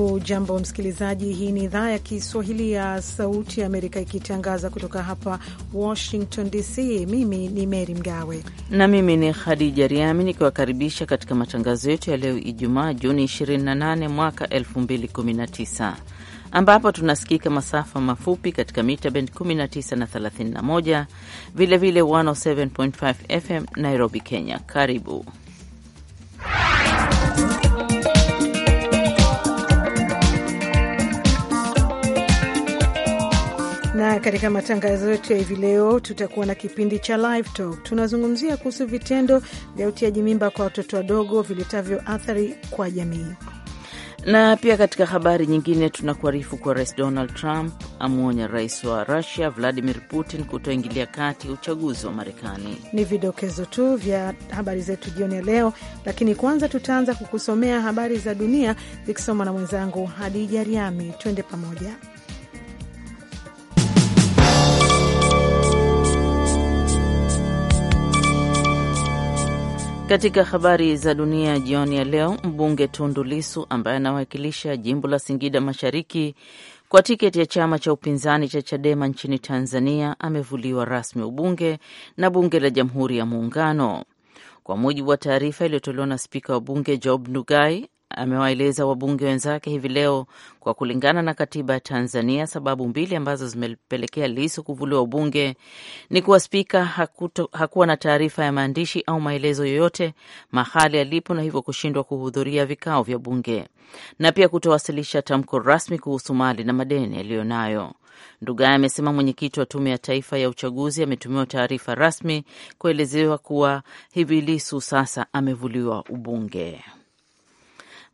Hujambo msikilizaji, hii ni idhaa ya Kiswahili ya Sauti ya Amerika ikitangaza kutoka hapa Washington DC. Mimi ni Mery Mgawe na mimi ni Khadija Riami nikiwakaribisha katika matangazo yetu ya leo Ijumaa Juni 28 mwaka 2019 ambapo tunasikika masafa mafupi katika mita bend 19 na 31, vilevile 107.5 FM Nairobi, Kenya. Karibu na katika matangazo yetu ya hivi leo tutakuwa na kipindi cha Live Talk. Tunazungumzia kuhusu vitendo vya utiaji mimba kwa watoto wadogo vilitavyo athari kwa jamii na pia katika habari nyingine tunakuarifu kuwa Rais Donald Trump amwonya rais wa Russia Vladimir Putin kutoingilia kati uchaguzi wa Marekani. Ni vidokezo tu vya habari zetu jioni ya leo, lakini kwanza tutaanza kukusomea habari za dunia zikisoma na mwenzangu Hadija Riami. Twende pamoja. Katika habari za dunia jioni ya leo, mbunge Tundu Lisu ambaye anawakilisha jimbo la Singida Mashariki kwa tiketi ya chama cha upinzani cha Chadema nchini Tanzania amevuliwa rasmi ubunge na bunge la Jamhuri ya Muungano. Kwa mujibu wa taarifa iliyotolewa na spika wa bunge Job Ndugai, amewaeleza wabunge wenzake hivi leo kwa kulingana na katiba ya Tanzania, sababu mbili ambazo zimepelekea Lisu kuvuliwa ubunge ni kuwa spika hakuto, hakuwa na taarifa ya maandishi au maelezo yoyote mahali alipo na hivyo kushindwa kuhudhuria vikao vya bunge na pia kutowasilisha tamko rasmi kuhusu mali na madeni yaliyo nayo Ndugai amesema mwenyekiti wa Tume ya Taifa ya Uchaguzi ametumiwa taarifa rasmi kuelezewa kuwa hivi Lisu sasa amevuliwa ubunge.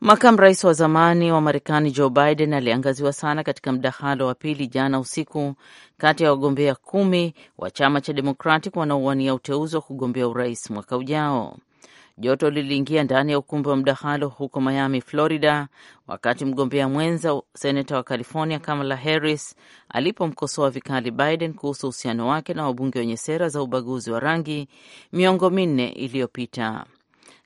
Makamu rais wa zamani wa Marekani Joe Biden aliangaziwa sana katika mdahalo wa pili jana usiku kati ya wagombea kumi wa chama cha demokratic wanaowania uteuzi wa kugombea urais mwaka ujao. Joto liliingia ndani ya ukumbi wa mdahalo huko Miami, Florida, wakati mgombea mwenza seneta wa California Kamala Harris alipomkosoa vikali Biden kuhusu uhusiano wake na wabunge wenye sera za ubaguzi wa rangi miongo minne iliyopita.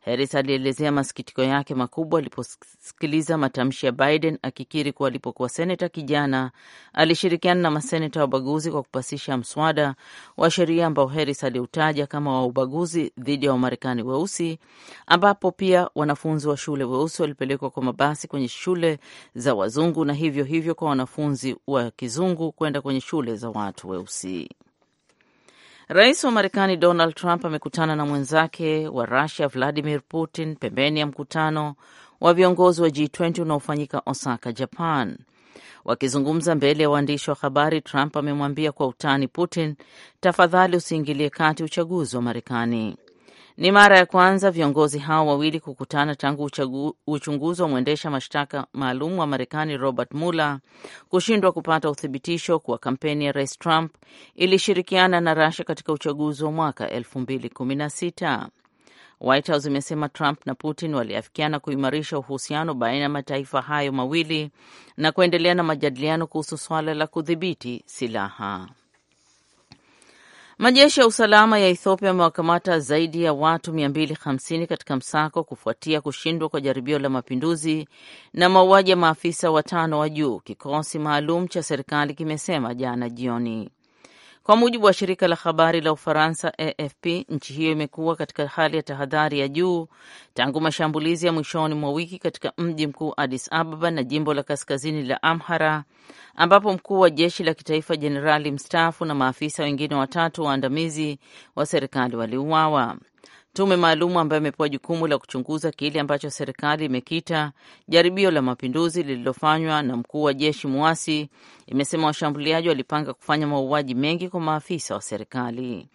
Harris alielezea masikitiko yake makubwa aliposikiliza matamshi ya Biden akikiri kuwa alipokuwa seneta kijana alishirikiana na maseneta wa ubaguzi kwa kupasisha mswada wa sheria ambao Harris aliutaja kama wa ubaguzi dhidi ya Wamarekani weusi, ambapo pia wanafunzi wa shule weusi walipelekwa kwa mabasi kwenye shule za wazungu na hivyo hivyo kwa wanafunzi wa kizungu kwenda kwenye shule za watu weusi. Rais wa Marekani Donald Trump amekutana na mwenzake wa Rusia Vladimir Putin pembeni ya mkutano wa viongozi wa G20 unaofanyika Osaka, Japan. Wakizungumza mbele ya waandishi wa habari, Trump amemwambia kwa utani Putin, tafadhali usiingilie kati uchaguzi wa Marekani. Ni mara ya kwanza viongozi hao wawili kukutana tangu uchunguzi wa mwendesha mashtaka maalum wa Marekani Robert Mueller kushindwa kupata uthibitisho kuwa kampeni ya Rais Trump ilishirikiana na Russia katika uchaguzi wa mwaka 2016. White House imesema Trump na Putin waliafikiana kuimarisha uhusiano baina ya mataifa hayo mawili na kuendelea na majadiliano kuhusu suala la kudhibiti silaha. Majeshi ya usalama ya Ethiopia yamewakamata zaidi ya watu 250 katika msako kufuatia kushindwa kwa jaribio la mapinduzi na mauaji ya maafisa watano wa juu, kikosi maalum cha serikali kimesema jana jioni. Kwa mujibu wa shirika la habari la Ufaransa AFP, nchi hiyo imekuwa katika hali ya tahadhari ya juu tangu mashambulizi ya mwishoni mwa wiki katika mji mkuu Addis Ababa na jimbo la kaskazini la Amhara, ambapo mkuu wa jeshi la kitaifa jenerali mstaafu na maafisa wengine watatu waandamizi wa serikali waliuawa tume maalumu ambayo imepewa jukumu la kuchunguza kile ambacho serikali imekita jaribio la mapinduzi lililofanywa na mkuu wa jeshi muasi, imesema washambuliaji walipanga kufanya mauaji mengi kwa maafisa wa serikali.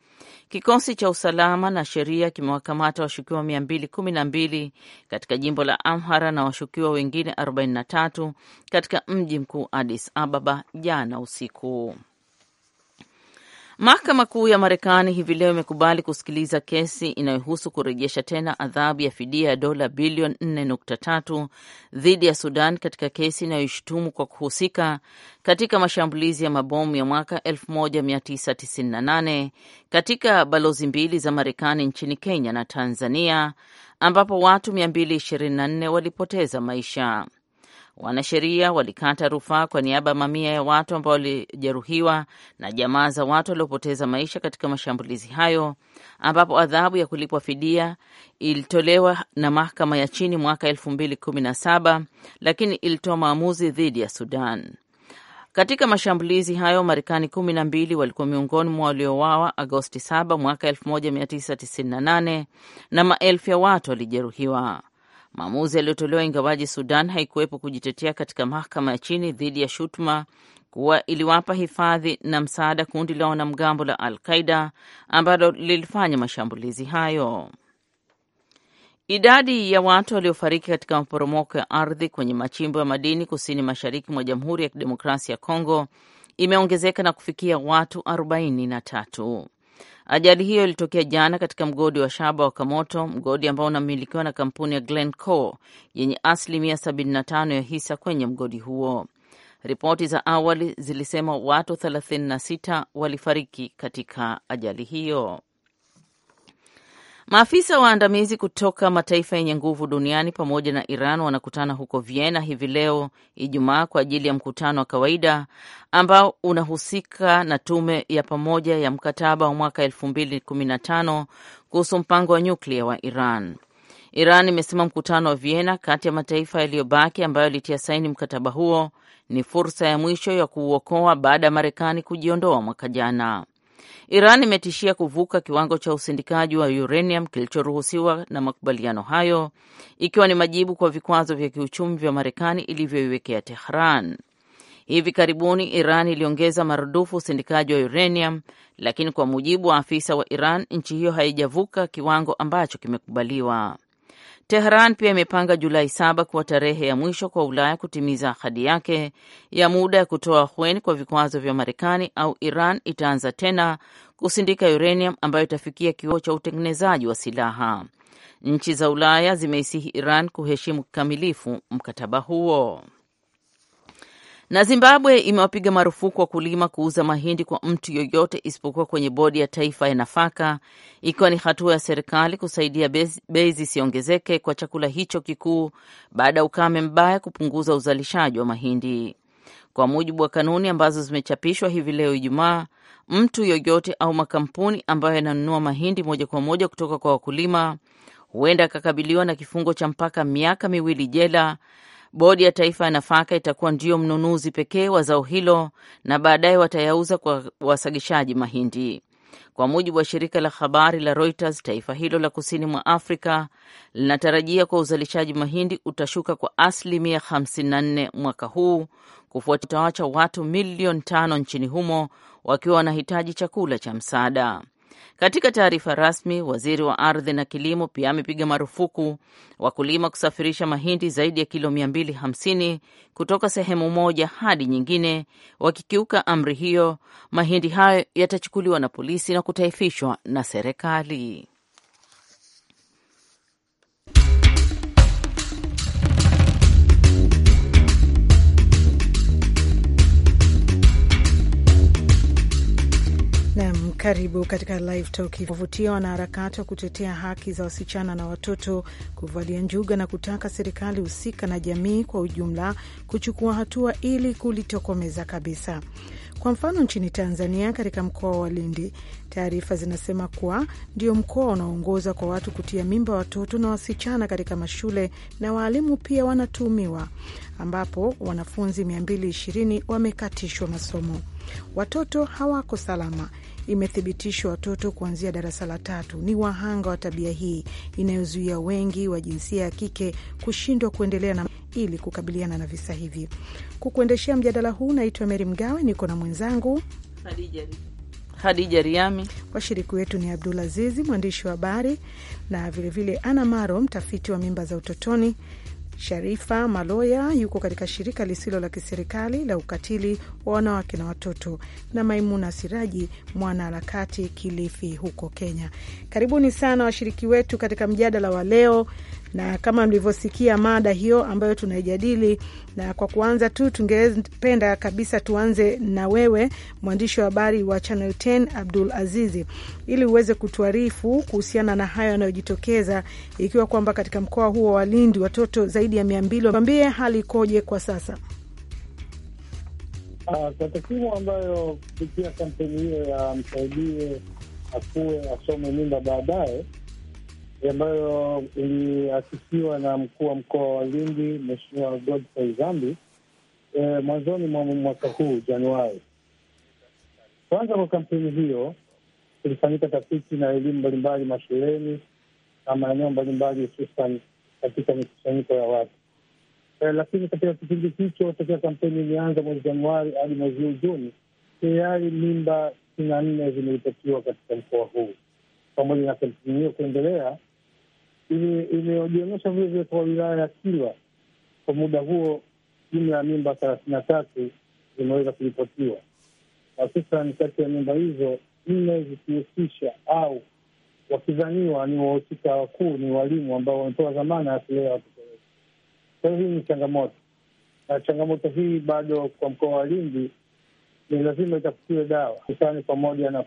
Kikosi cha usalama na sheria kimewakamata washukiwa mia mbili kumi na mbili katika jimbo la Amhara na washukiwa wengine 43 katika mji mkuu Addis Ababa jana usiku. Mahakama Kuu ya Marekani hivi leo imekubali kusikiliza kesi inayohusu kurejesha tena adhabu ya fidia ya dola bilioni 4.3 dhidi ya Sudan katika kesi inayoishutumu kwa kuhusika katika mashambulizi ya mabomu ya mwaka 1998 katika balozi mbili za Marekani nchini Kenya na Tanzania ambapo watu 224 walipoteza maisha. Wanasheria walikata rufaa kwa niaba ya mamia ya watu ambao walijeruhiwa na jamaa za watu waliopoteza maisha katika mashambulizi hayo, ambapo adhabu ya kulipwa fidia ilitolewa na mahakama ya chini mwaka elfu mbili kumi na saba lakini ilitoa maamuzi dhidi ya Sudan. Katika mashambulizi hayo Marekani kumi na mbili walikuwa miongoni mwa waliowawa Agosti 7 mwaka 1998 na maelfu ya watu walijeruhiwa. Maamuzi yaliyotolewa ingawaji Sudan haikuwepo kujitetea katika mahakama ya chini dhidi ya shutuma kuwa iliwapa hifadhi na msaada kundi la wanamgambo la Al Qaida ambalo lilifanya mashambulizi hayo. Idadi ya watu waliofariki katika maporomoko ya ardhi kwenye machimbo ya madini kusini mashariki mwa Jamhuri ya Kidemokrasia ya Kongo imeongezeka na kufikia watu 43. Ajali hiyo ilitokea jana katika mgodi wa shaba wa Kamoto, mgodi ambao unamilikiwa na kampuni ya Glencore yenye asilimia 75 ya hisa kwenye mgodi huo. Ripoti za awali zilisema watu 36 walifariki katika ajali hiyo. Maafisa waandamizi kutoka mataifa yenye nguvu duniani pamoja na Iran wanakutana huko Vienna hivi leo Ijumaa kwa ajili ya mkutano wa kawaida ambao unahusika na tume ya pamoja ya mkataba wa mwaka 2015 kuhusu mpango wa nyuklia wa Iran. Iran imesema mkutano wa Vienna kati ya mataifa yaliyobaki ambayo yalitia saini mkataba huo ni fursa ya mwisho ya kuuokoa baada ya Marekani kujiondoa mwaka jana. Iran imetishia kuvuka kiwango cha usindikaji wa uranium kilichoruhusiwa na makubaliano hayo, ikiwa ni majibu kwa vikwazo vya kiuchumi vya Marekani ilivyoiwekea Tehran. Hivi karibuni Iran iliongeza marudufu usindikaji wa uranium, lakini kwa mujibu wa afisa wa Iran, nchi hiyo haijavuka kiwango ambacho kimekubaliwa. Tehran pia imepanga Julai saba kuwa tarehe ya mwisho kwa Ulaya kutimiza ahadi yake ya muda ya kutoa hweni kwa vikwazo vya Marekani au Iran itaanza tena kusindika uranium ambayo itafikia kiwango cha utengenezaji wa silaha. Nchi za Ulaya zimeisihi Iran kuheshimu kikamilifu mkataba huo. Na Zimbabwe imewapiga marufuku wakulima kuuza mahindi kwa mtu yoyote isipokuwa kwenye bodi ya taifa ya nafaka, ikiwa ni hatua ya serikali kusaidia bei zisiongezeke kwa chakula hicho kikuu baada ya ukame mbaya kupunguza uzalishaji wa mahindi. Kwa mujibu wa kanuni ambazo zimechapishwa hivi leo Ijumaa, mtu yoyote au makampuni ambayo yananunua mahindi moja kwa moja kutoka kwa wakulima huenda akakabiliwa na kifungo cha mpaka miaka miwili jela Bodi ya Taifa ya Nafaka itakuwa ndio mnunuzi pekee wa zao hilo na baadaye watayauza kwa wasagishaji mahindi. Kwa mujibu wa shirika la habari la Reuters, taifa hilo la kusini mwa Afrika linatarajia kuwa uzalishaji mahindi utashuka kwa asilimia 54 mwaka huu kufuatia utawacha watu milioni tano nchini humo wakiwa wanahitaji chakula cha msaada. Katika taarifa rasmi, waziri wa ardhi na kilimo pia amepiga marufuku wakulima kusafirisha mahindi zaidi ya kilo 250 kutoka sehemu moja hadi nyingine. Wakikiuka amri hiyo, mahindi hayo yatachukuliwa na polisi na kutaifishwa na serikali. Karibu katika Live Talk. Wavutia wanaharakati wa kutetea haki za wasichana na watoto kuvalia njuga na kutaka serikali husika na jamii kwa ujumla kuchukua hatua ili kulitokomeza kabisa. Kwa mfano, nchini Tanzania, katika mkoa wa Lindi, taarifa zinasema kuwa ndio mkoa unaoongoza kwa watu kutia mimba watoto na wasichana katika mashule, na waalimu pia wanatuhumiwa, ambapo wanafunzi 220 wamekatishwa masomo. Watoto hawako salama imethibitishwa watoto kuanzia darasa la tatu ni wahanga wa tabia hii inayozuia wengi wa jinsia ya kike kushindwa kuendelea na ili kukabiliana na visa hivi. Kukuendeshea mjadala huu naitwa Meri Mgawe, niko na mwenzangu Hadija Hadija Riami. Washiriki wetu ni Abdul Azizi, mwandishi wa habari, na vilevile Ana Maro, mtafiti wa mimba za utotoni, Sharifa Maloya yuko katika shirika lisilo la kiserikali la ukatili wa wanawake na watoto, na Maimuna Siraji mwanaharakati Kilifi huko Kenya. Karibuni sana washiriki wetu katika mjadala wa leo, na kama mlivyosikia mada hiyo ambayo tunaijadili, na kwa kuanza tu, tungependa kabisa tuanze na wewe mwandishi wa habari wa Channel 10 Abdul Azizi, ili uweze kutuarifu kuhusiana na hayo yanayojitokeza, ikiwa kwamba katika mkoa huo wa Lindi watoto zaidi ya mia mbili wambie hali ikoje kwa sasa. Ah, kwa takwimu ambayo kupitia kampeni hiyo ya msaidie akue asome mimba baadaye ambayo iliasisiwa na mkuu wa mkoa wa Lindi Mheshimiwa Godfrey Zambi e, mwanzoni mwa mwaka huu Januari. Kwanza kwa kampeni hiyo ilifanyika tafiti na elimu mbalimbali mashuleni na maeneo mbalimbali hususan katika mikusanyiko ya watu e, lakini katika kipindi hicho tokea kampeni imeanza mwezi Januari hadi mwezi huu Juni, tayari mimba sitini na nne zimeripotiwa katika mkoa huu. Pamoja na kampeni hiyo kuendelea, imejionyesha vile vile kwa wilaya ya Kilwa kwa muda huo, jumla ya mimba thelathini na tatu zimeweza kuripotiwa, na ni kati ya mimba hizo nne zikihusisha au wakizaniwa ni wahusika wakuu ni walimu ambao wamepewa dhamana ya kulea watoto wetu. Kwa hiyo hii ni changamoto, na changamoto hii bado kwa mkoa wa Lindi ni lazima itafutiwe dawa, ikiwa pamoja na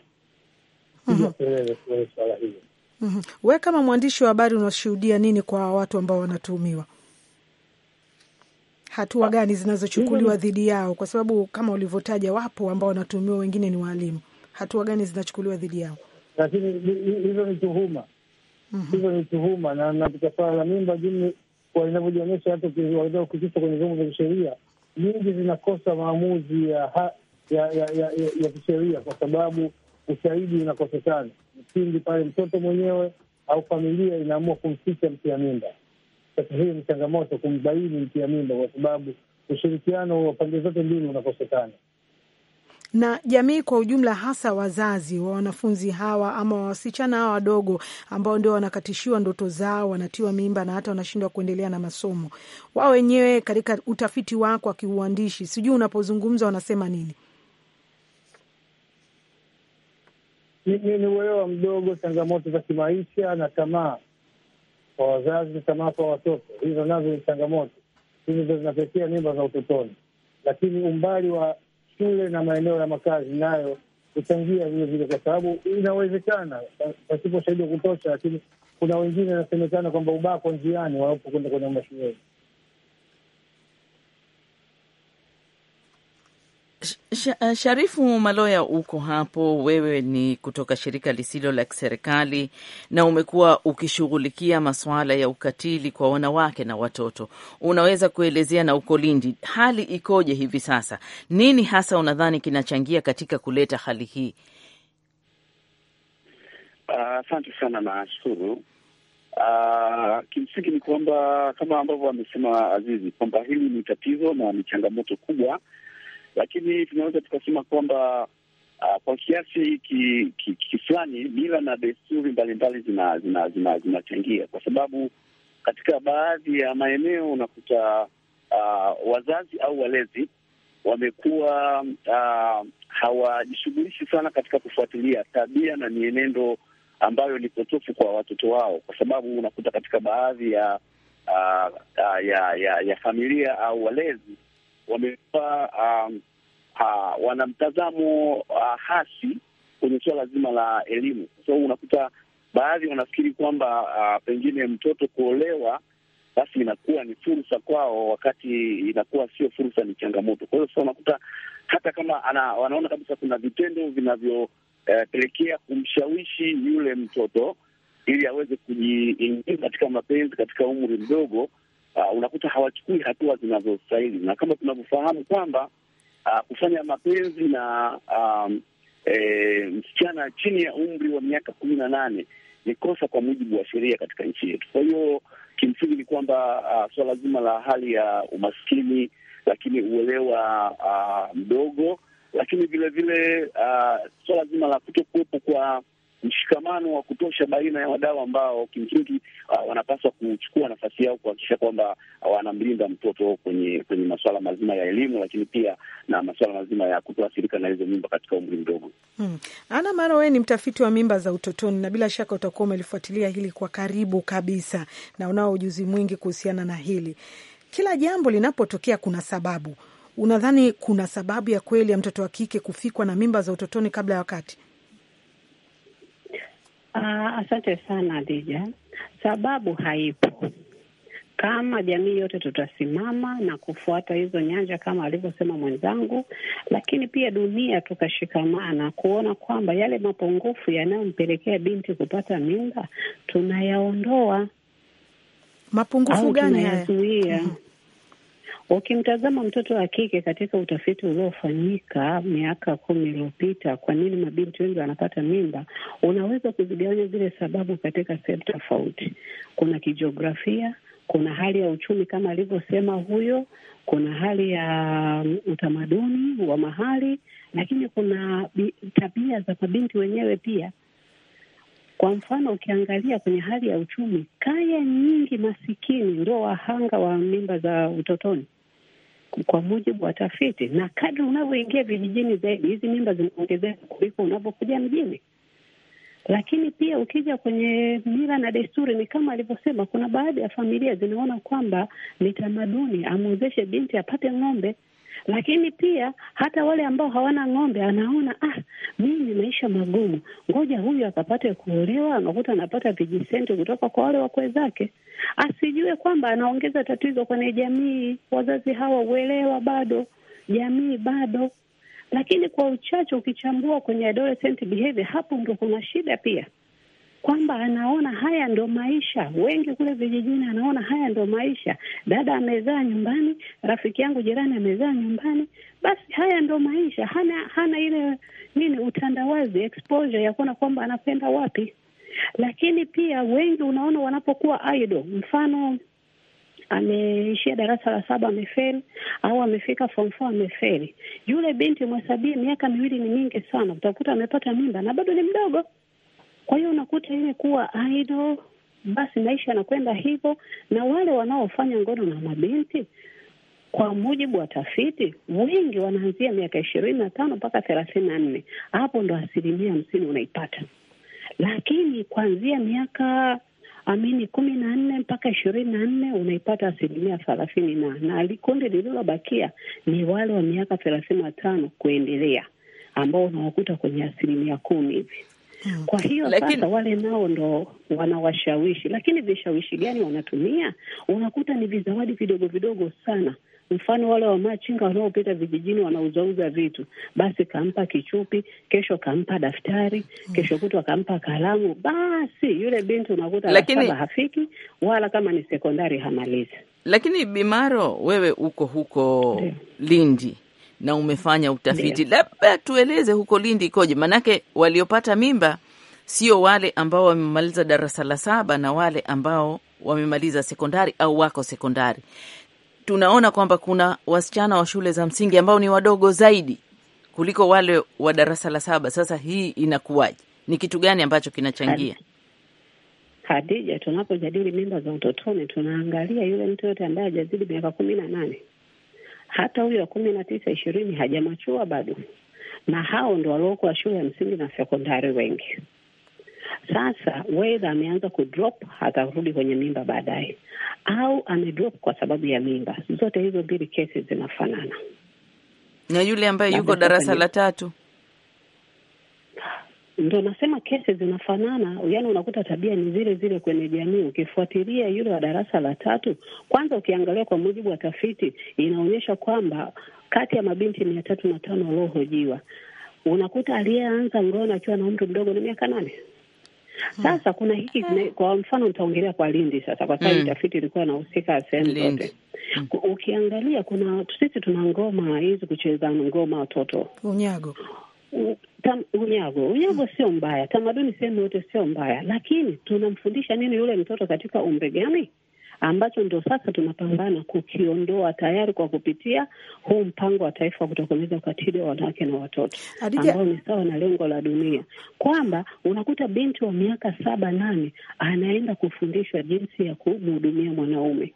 kupiga kelele kuele swala hilo mm -hmm. We kama mwandishi wa habari unashuhudia nini kwa watu ambao wanatuhumiwa? Hatua gani zinazochukuliwa dhidi yao? Kwa sababu kama ulivyotaja, wapo ambao wanatuhumiwa, wengine ni waalimu. Hatua gani zinachukuliwa dhidi yao? Lakini hizo ni tuhuma, mhm. hizo ni tuhuma na nakutafana na mimba jini inavyojionyesha hata ukikisa kwenye vyombo vya kisheria nyingi zinakosa maamuzi ya ya ya, ya, ya, ya kisheria kwa sababu ushahidi unakosekana pindi pale mtoto mwenyewe au familia inaamua kumficha mtia mimba. Sasa hiyo ni changamoto kumbaini mtia mimba, kwa sababu ushirikiano wa pande zote mbili unakosekana na jamii kwa ujumla, hasa wazazi wa wanafunzi hawa ama wasichana hawa wadogo ambao ndio wanakatishiwa ndoto zao, wanatiwa mimba na hata wanashindwa kuendelea na masomo. Wao wenyewe katika utafiti wako wa kiuandishi, sijui unapozungumza wanasema nini? ni uelewa mdogo, changamoto za kimaisha na tamaa kwa wazazi na tamaa kwa watoto. Hizo nazo ni changamoto, hizo ndo zinapelekea mimba za utotoni. Lakini umbali wa shule na maeneo ya makazi nayo kuchangia vile vile, kwa sababu inawezekana pasipo shahidi wa kutosha, lakini kuna wengine inasemekana kwamba ubako njiani wanapokwenda kwenye mashuleni. Eh, Sharifu Maloya, uko hapo, wewe ni kutoka shirika lisilo la kiserikali na umekuwa ukishughulikia masuala ya ukatili kwa wanawake na watoto. Unaweza kuelezea, na uko Lindi, hali ikoje hivi sasa? Nini hasa unadhani kinachangia katika kuleta hali hii? Ah, asante uh, sana, nashukuru Uh, ah, kimsingi ni kwamba kama ambavyo amesema Azizi kwamba hili ni tatizo na ni changamoto kubwa lakini tunaweza tukasema kwamba uh, kwa kiasi ki, ki, ki fulani mila na desturi mbalimbali zinachangia zina, zina, zina kwa sababu katika baadhi ya maeneo unakuta uh, wazazi au walezi wamekuwa uh, hawajishughulishi sana katika kufuatilia tabia na mienendo ambayo ni potofu kwa watoto wao, kwa sababu unakuta katika baadhi ya uh, uh, ya, ya, ya familia au walezi wamekuwa um, wana mtazamo uh, hasi kwenye suala zima la elimu. So unakuta baadhi wanafikiri kwamba uh, pengine mtoto kuolewa basi inakuwa ni fursa kwao, wakati inakuwa sio fursa, ni changamoto. Kwa hiyo sasa unakuta hata kama ana, wanaona kabisa kuna vitendo vinavyopelekea eh, uh, kumshawishi yule mtoto ili aweze kujiingiza katika mapenzi katika umri mdogo uh, unakuta hawachukui hatua zinazostahili, na kama tunavyofahamu kwamba uh, kufanya mapenzi na um, e, msichana chini ya umri wa miaka kumi na nane ni kosa kwa mujibu wa sheria katika nchi yetu. Kwa hiyo kimsingi ni kwamba uh, suala so zima la hali ya umaskini, lakini uelewa uh, mdogo, lakini vilevile uh, suala so zima la kuto kuwepo kwa mshikamano wa kutosha baina ya wadau ambao kimsingi uh, wanapaswa kuchukua nafasi yao kuhakikisha kwamba uh, wanamlinda mtoto kwenye kwenye masuala mazima ya elimu, lakini pia na masuala mazima ya kutoathirika na hizo mimba katika umri mdogo. Hmm. Ana Maro, wewe ni mtafiti wa mimba za utotoni na bila shaka utakuwa umelifuatilia hili kwa karibu kabisa na unao ujuzi mwingi kuhusiana na hili. Kila jambo linapotokea kuna sababu. Unadhani kuna sababu ya kweli ya mtoto wa kike kufikwa na mimba za utotoni kabla ya wakati? Uh, asante sana Adija, Sababu haipo. Kama jamii yote tutasimama na kufuata hizo nyanja kama alivyosema mwenzangu, lakini pia dunia tukashikamana kuona kwamba yale mapungufu yanayompelekea binti kupata mimba tunayaondoa. Mapungufu gani haya? Ukimtazama mtoto wa kike katika utafiti uliofanyika miaka kumi iliyopita, kwa nini mabinti wengi wanapata mimba, unaweza kuzigawanya zile sababu katika sehemu tofauti. Kuna kijiografia, kuna hali ya uchumi kama alivyosema huyo, kuna hali ya mm, utamaduni wa mahali, lakini kuna tabia za mabinti wenyewe pia. Kwa mfano ukiangalia kwenye hali ya uchumi, kaya nyingi masikini ndio wahanga wa mimba za utotoni kwa mujibu wa tafiti. Na kadri unavyoingia vijijini zaidi, hizi mimba zinaongezeka kuliko unavyokuja mjini. Lakini pia ukija kwenye mila na desturi, ni kama alivyosema, kuna baadhi ya familia zinaona kwamba ni tamaduni amwezeshe binti apate ng'ombe lakini pia hata wale ambao hawana ng'ombe, anaona ah, mimi maisha magumu, ngoja huyu akapate kuolewa, anakuta anapata vijisenti kutoka kwa wale wakwe zake, asijue kwamba anaongeza tatizo kwenye jamii. Wazazi hawa uelewa bado, jamii bado. Lakini kwa uchache ukichambua kwenye adolescent behavior, hapo ndo kuna shida pia kwamba anaona haya ndo maisha. Wengi kule vijijini anaona haya ndo maisha. Dada amezaa nyumbani, rafiki yangu jirani amezaa nyumbani, basi haya ndo maisha. Hana hana ile nini, utandawazi, exposure ya kuona kwamba anapenda wapi. Lakini pia wengi unaona wanapokuwa idol, mfano ameishia darasa la saba amefeli, au amefika form four amefeli, yule binti mwesabii miaka miwili ni mingi sana, utakuta amepata mimba na bado ni mdogo. Kwa hiyo unakuta ile kuwa idol, basi maisha yanakwenda hivyo, na wale wanaofanya ngono na mabinti kwa mujibu wa tafiti, wengi wanaanzia miaka ishirini na tano mpaka thelathini na nne. Hapo ndo asilimia hamsini unaipata, lakini kuanzia miaka amini kumi na nne mpaka ishirini na nne unaipata asilimia thelathini na na likundi lililobakia ni wale wa miaka thelathini na tano kuendelea ambao unawakuta kwenye asilimia kumi hivi. Kwa hiyo lakini, sasa wale nao ndo wanawashawishi, lakini vishawishi gani wanatumia? Unakuta ni vizawadi vidogo vidogo sana. Mfano wale wamachinga wanaopita vijijini wanauzauza vitu, basi kampa kichupi, kesho kampa daftari, kesho kutwa kampa kalamu, basi yule binti unakuta lakini... hafiki wala kama ni sekondari hamalizi. Lakini Bimaro, wewe uko huko Lindi na umefanya utafiti, labda tueleze huko Lindi ikoje? Maanake waliopata mimba sio wale ambao wamemaliza darasa la saba na wale ambao wamemaliza sekondari au wako sekondari. Tunaona kwamba kuna wasichana wa shule za msingi ambao ni wadogo zaidi kuliko wale wa darasa la saba. Sasa hii inakuwaje? Ni kitu gani ambacho kinachangia? Khadija, tunapojadili mimba za utotoni, tunaangalia yule mtu yote ambaye hajazidi miaka kumi na nane hata huyo wa kumi na tisa ishirini hajamachua bado, na hao ndo waliokuwa shule ya msingi na sekondari wengi. Sasa wedha ameanza kudrop, atarudi kwenye mimba baadaye, au amedrop kwa sababu ya mimba. Zote hizo mbili kesi zinafanana, na yule ambaye yuko darasa la tatu Ndo nasema kesi zinafanana, yaani unakuta tabia ni zile zile kwenye jamii. Ukifuatilia yule wa darasa la tatu, kwanza, ukiangalia kwa mujibu wa tafiti, inaonyesha kwamba kati ya mabinti mia tatu na tano waliohojiwa, unakuta aliyeanza ngono akiwa na umri mdogo ni miaka nane. Hmm. Sasa kuna hiki kwa mfano, nitaongelea kwa Lindi sasa, kwa sababu mm, tafiti ilikuwa inahusika sehemu zote. Hmm. Ukiangalia kuna sisi tuna ngoma hizi kucheza ngoma watoto unyago Tam, unyago unyago sio mbaya, tamaduni sehemu yote sio mbaya, lakini tunamfundisha nini yule mtoto katika umri gani? ambacho ndio sasa tunapambana kukiondoa tayari kwa kupitia huu mpango wa taifa wa kutokomeza ukatili wa wanawake na watoto ambao ni sawa na lengo la dunia, kwamba unakuta binti wa miaka saba nane anaenda kufundishwa jinsi ya kumhudumia mwanaume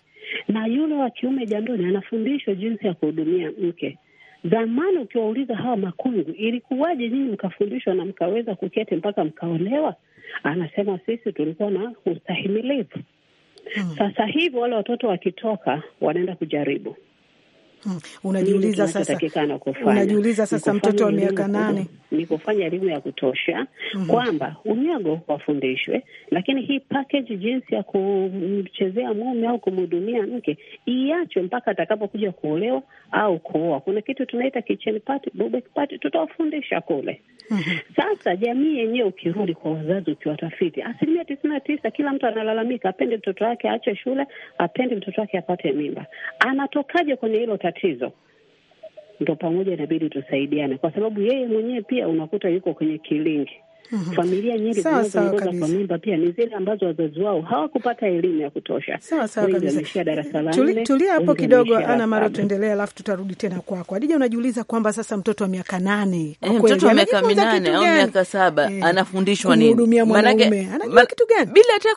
na yule wa kiume jandoni anafundishwa jinsi ya kuhudumia mke. Zamani ukiwauliza hawa makungu, ilikuwaje nyinyi mkafundishwa na mkaweza kuketi mpaka mkaolewa? Anasema sisi tulikuwa na ustahimilivu. Hmm. Sasa hivi wale watoto wakitoka wanaenda kujaribu Hmm. Unajiuliza sasa, unajiuliza sasa mtoto wa miaka nane ni kufanya elimu ya kutosha mm -hmm. kwamba unyago wafundishwe, lakini hii package jinsi ya kumchezea mume au kumhudumia mke iachwe mpaka atakapokuja kuolewa au kuoa. Kuna kitu tunaita kitchen party, bobek party, tutawafundisha kule mm -hmm. Sasa jamii yenyewe, ukirudi kwa wazazi, ukiwatafiti, asilimia tisini na tisa kila mtu analalamika, apende mtoto wake aache shule, apende mtoto wake apate mimba. Anatokaje kwenye hilo tatizo, ndo pamoja inabidi tusaidiane, kwa sababu yeye mwenyewe pia unakuta yuko kwenye kilingi -hmm. Familia nyingi zinazoongoza kwa mimba pia ni zile ambazo wazazi wao hawakupata elimu ya kutosha. Sawa sawa kabisa, tulia hapo kidogo, Ana mara tuendelee, alafu tutarudi tena kwako. Adija, unajiuliza kwamba sasa mtoto wa miaka nane, eh, mtoto wa miaka minane au miaka saba eh, anafundishwa nini? Kuhudumia mwanamume anajua kitu gani bila hata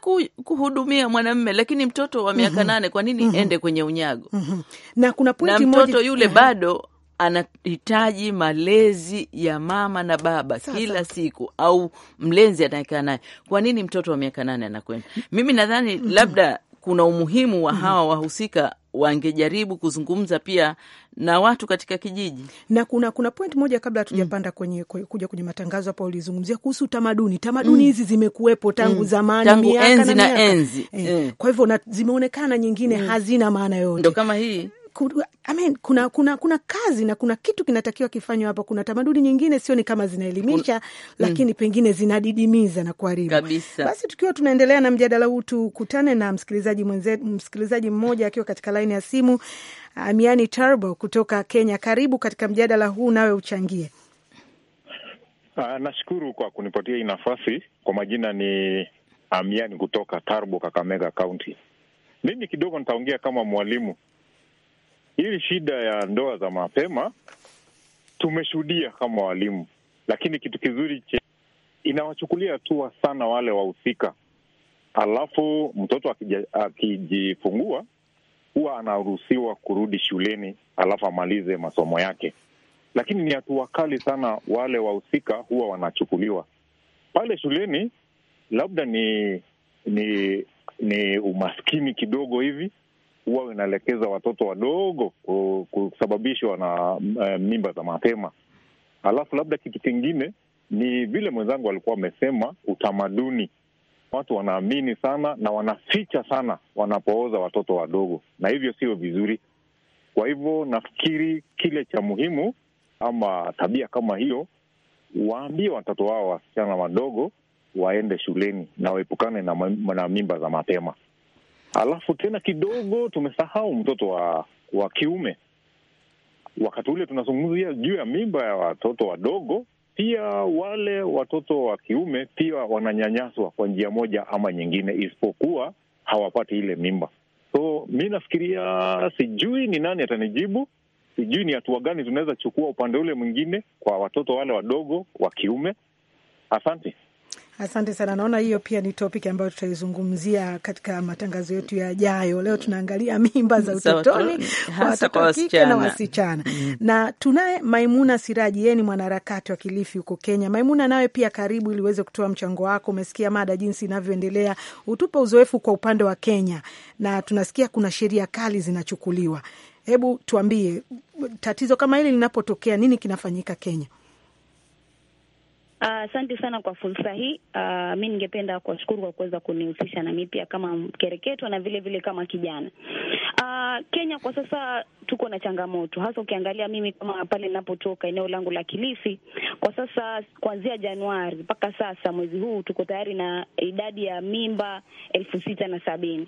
kuhudumia mwanamume? Lakini mtoto wa miaka mhm. nane, kwa nini mhm. ende kwenye unyago? Mhm. Na kuna pointi moja, mtoto yule bado anahitaji malezi ya mama na baba sasa, kila siku au mlezi anaekaa naye. Kwa nini mtoto wa miaka nane anakwenda? Mimi nadhani labda kuna umuhimu wa hawa wahusika wangejaribu kuzungumza pia na watu katika kijiji na kuna kuna point moja kabla mm. hatujapanda mm. kwenye kuja kwenye matangazo hapa, ulizungumzia kuhusu tamaduni. Tamaduni mm. hizi mm. zimekuwepo tangu mm. zamani, tangu miaka enzi na, na miaka. enzi eh. Mm. Kwa hivyo zimeonekana nyingine mm. hazina maana yoyote, ndo kama hii I mean, kuna, kuna, kuna kazi na kuna kitu kinatakiwa kifanywa hapa. Kuna tamaduni nyingine sioni kama zinaelimisha kuna, mm. lakini mm, pengine zinadidimiza na kuharibu kabisa. Basi tukiwa tunaendelea na mjadala huu tukutane na msikilizaji mwenze, msikilizaji mmoja akiwa katika laini ya simu Amiani uh, Tarbo kutoka Kenya. Karibu katika mjadala huu, nawe uchangie. Uh, nashukuru kwa kunipatia hii nafasi. Kwa majina ni Amiani uh, kutoka Tarbo, Kakamega Kaunti. Mimi kidogo nitaongea kama mwalimu Hili shida ya ndoa za mapema tumeshuhudia kama walimu, lakini kitu kizuri che inawachukulia hatua sana wale wahusika, alafu mtoto akijifungua huwa anaruhusiwa kurudi shuleni, alafu amalize masomo yake, lakini ni hatua kali sana wale wahusika huwa wanachukuliwa pale shuleni, labda ni ni ni umaskini kidogo hivi huwa inaelekeza watoto wadogo kusababishwa na eh, mimba za mapema. Alafu labda kitu kingine ni vile mwenzangu alikuwa amesema, utamaduni. Watu wanaamini sana na wanaficha sana wanapooza watoto wadogo, na hivyo sio vizuri. Kwa hivyo nafikiri kile cha muhimu ama tabia kama hiyo, waambie watoto wao wasichana wadogo waende shuleni na waepukane na mimba za mapema alafu tena kidogo tumesahau mtoto wa wa kiume. Wakati ule tunazungumzia juu ya mimba ya watoto wadogo, pia wale watoto wa kiume pia wananyanyaswa kwa njia moja ama nyingine, isipokuwa hawapati ile mimba. So mi nafikiria, sijui ni nani atanijibu, sijui ni hatua gani tunaweza chukua upande ule mwingine kwa watoto wale wadogo wa kiume. Asante. Asante sana, naona hiyo pia ni topic ambayo tutaizungumzia katika matangazo yetu yajayo. Leo tunaangalia mimba za utotoni kwa watoto wa kike na wasichana mm. na tunaye Maimuna Siraji, yeye ni mwanaharakati wa Kilifi huko Kenya. Maimuna, nawe pia karibu, ili uweze kutoa mchango wako. Umesikia mada jinsi inavyoendelea, utupe uzoefu kwa upande wa Kenya, na tunasikia kuna sheria kali zinachukuliwa. Hebu tuambie, tatizo kama hili linapotokea, nini kinafanyika Kenya? Asante uh, sana kwa fursa hii uh, mi ningependa kuwashukuru kwa kuweza kunihusisha mi pia kama mkereketwa na vile vile kama kijana uh, Kenya kwa sasa tuko na changamoto hasa ukiangalia mimi kama pale ninapotoka eneo langu la Kilifi, kwa sasa kuanzia Januari mpaka sasa mwezi huu tuko tayari na idadi ya mimba elfu sita na sabini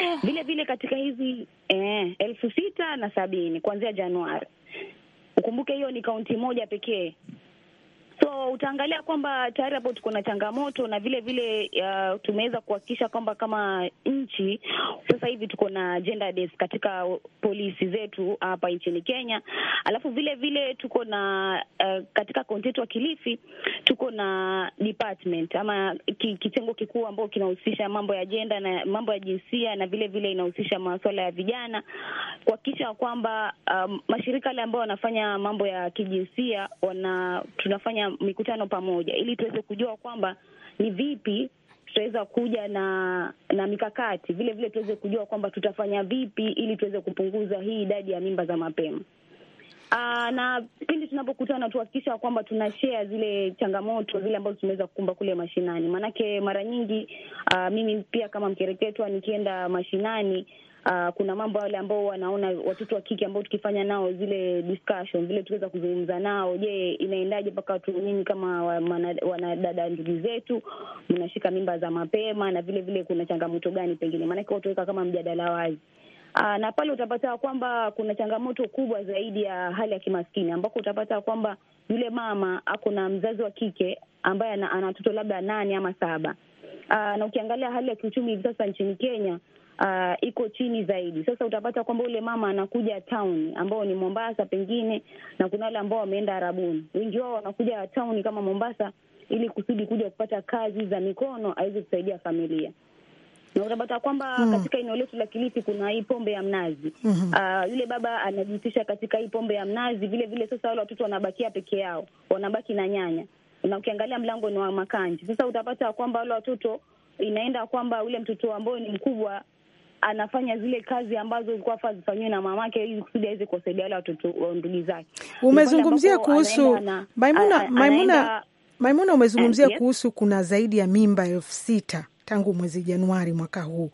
yeah. Vile vile katika hizi eh, elfu sita na sabini kuanzia Januari, ukumbuke hiyo ni kaunti moja pekee So utaangalia kwamba tayari hapo tuko na changamoto na vile vile uh, tumeweza kuhakikisha kwamba kama nchi sasa hivi tuko na gender desk katika polisi zetu hapa nchini Kenya, alafu vile vile tuko na uh, katika kaunti yetu ya Kilifi tuko na department ama kitengo kikuu ambao kinahusisha mambo ya jenda na mambo ya jinsia na vile vile inahusisha masuala ya vijana, kuhakikisha kwamba um, mashirika yale ambayo wanafanya mambo ya kijinsia wana tunafanya mikutano pamoja, ili tuweze kujua kwamba ni vipi tutaweza kuja na na mikakati, vile vile tuweze kujua kwamba tutafanya vipi ili tuweze kupunguza hii idadi ya mimba za mapema. Aa, ah, na pindi tunapokutana tuhakikisha kwamba tuna share zile changamoto zile ambazo tumeweza kukumba kule mashinani, maanake mara nyingi aa, ah, mimi pia kama mkereketwa nikienda mashinani Uh, kuna mambo wale ambao wanaona watoto wa kike ambao tukifanya nao zile discussion zile, tukiweza kuzungumza nao, je, inaendaje mpaka watu nini kama wanadada ndugu zetu mnashika mimba za mapema, na vile vile kuna changamoto gani pengine, maanake wataweka kama mjadala wazi. Aa, ah, na pale utapata kwamba kuna changamoto kubwa zaidi ya hali ya kimaskini ambako utapata kwamba yule mama ako na mzazi wa kike ambaye ana watoto labda nane ama saba. Aa, ah, na ukiangalia hali ya kiuchumi hivi sasa nchini Kenya uh, iko chini zaidi. Sasa utapata kwamba ule mama anakuja town ambao ni Mombasa pengine, na kuna wale ambao wameenda Arabuni. Wengi wao wanakuja town kama Mombasa ili kusudi kuja kupata kazi za mikono aweze kusaidia familia na utapata kwamba mm. katika eneo letu la Kilifi kuna hii pombe ya mnazi mm -hmm. uh, yule baba anajihusisha katika hii pombe ya mnazi vile vile. Sasa wale watoto wanabakia peke yao, wanabaki na nyanya, na ukiangalia mlango ni wa Makanji. Sasa utapata kwamba wale watoto inaenda kwamba ule mtoto ambaye ni mkubwa anafanya zile kazi ambazo ilikuwa faa zifanyiwe na mamake ili kusudi aweze kuwasaidia wale watoto wa ndugu zake. Umezungumzia kuhusu Maimuna, Maimuna, Maimuna, umezungumzia eh, kuhusu kuna zaidi ya mimba elfu sita tangu mwezi Januari mwaka huu.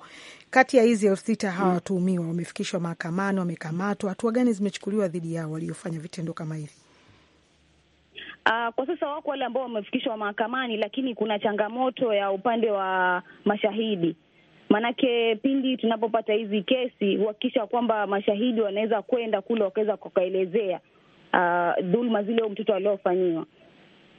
Kati ya hizi elfu sita hawa mm. watuhumiwa wamefikishwa mahakamani, wamekamatwa. Hatua gani zimechukuliwa dhidi yao waliofanya vitendo kama hivi? Uh, kwa sasa wako wale ambao wamefikishwa mahakamani, lakini kuna changamoto ya upande wa mashahidi Maanake pindi tunapopata hizi kesi huhakikisha kwamba mashahidi wanaweza kwenda kule wakaweza kukaelezea uh, dhuluma zile mtoto aliofanyiwa.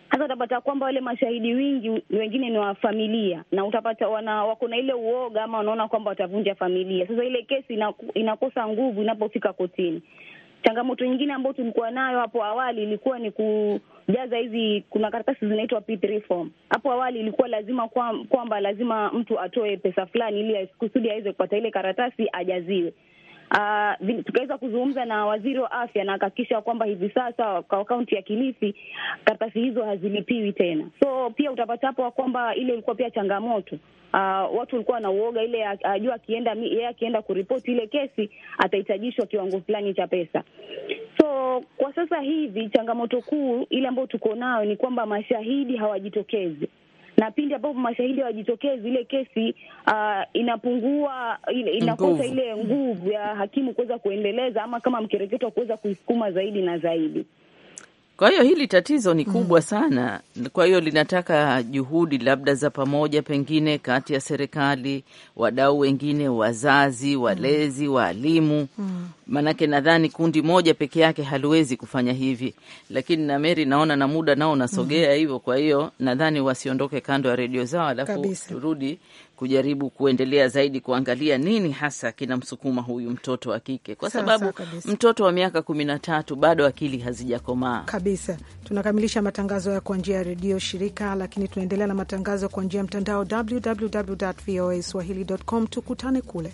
Hasa utapata kwamba wale mashahidi wingi wengine ni wa familia, na utapata wana wako na ile uoga ama wanaona kwamba watavunja familia. Sasa ile kesi inakosa nguvu inapofika kotini. Changamoto nyingine ambayo tulikuwa nayo hapo awali ilikuwa ni ku jaza hizi, kuna karatasi zinaitwa P3 form. Hapo awali ilikuwa lazima kwamba kwa lazima mtu atoe pesa fulani ili kusudi aweze kupata ile karatasi ajaziwe, uh, tukaweza kuzungumza na waziri wa afya na akahakikisha kwamba hivi sasa kwa kaunti ya Kilifi karatasi hizo hazilipiwi tena. So pia utapata hapo kwamba ile ilikuwa pia changamoto uh, watu walikuwa wanauoga ile, ajua akienda yeye akienda kuripoti ile kesi atahitajishwa kiwango fulani cha pesa. So kwa sasa hivi changamoto kuu ile ambayo tuko nayo ni kwamba mashahidi hawajitokezi na pindi ambapo mashahidi hawajitokezi, ile kesi uh, inapungua ile, inakosa ile nguvu ya hakimu kuweza kuendeleza ama kama mkereketo wa kuweza kuisukuma zaidi na zaidi. Kwa hiyo hili tatizo ni mm. kubwa sana, kwa hiyo linataka juhudi labda za pamoja, pengine kati ya serikali, wadau wengine, wazazi, mm. walezi, waalimu. Mm. Maanake nadhani kundi moja peke yake haliwezi kufanya hivi, lakini na Meri naona na muda nao unasogea hivyo. Kwa hiyo nadhani wasiondoke kando ya redio zao, alafu turudi kujaribu kuendelea zaidi kuangalia nini hasa kinamsukuma huyu mtoto wa kike, kwa sababu mtoto wa miaka kumi na tatu bado akili hazijakomaa kabisa. Tunakamilisha matangazo ya kwa njia ya redio shirika, lakini tunaendelea na matangazo kwa njia ya mtandao www voa swahili com. Tukutane kule.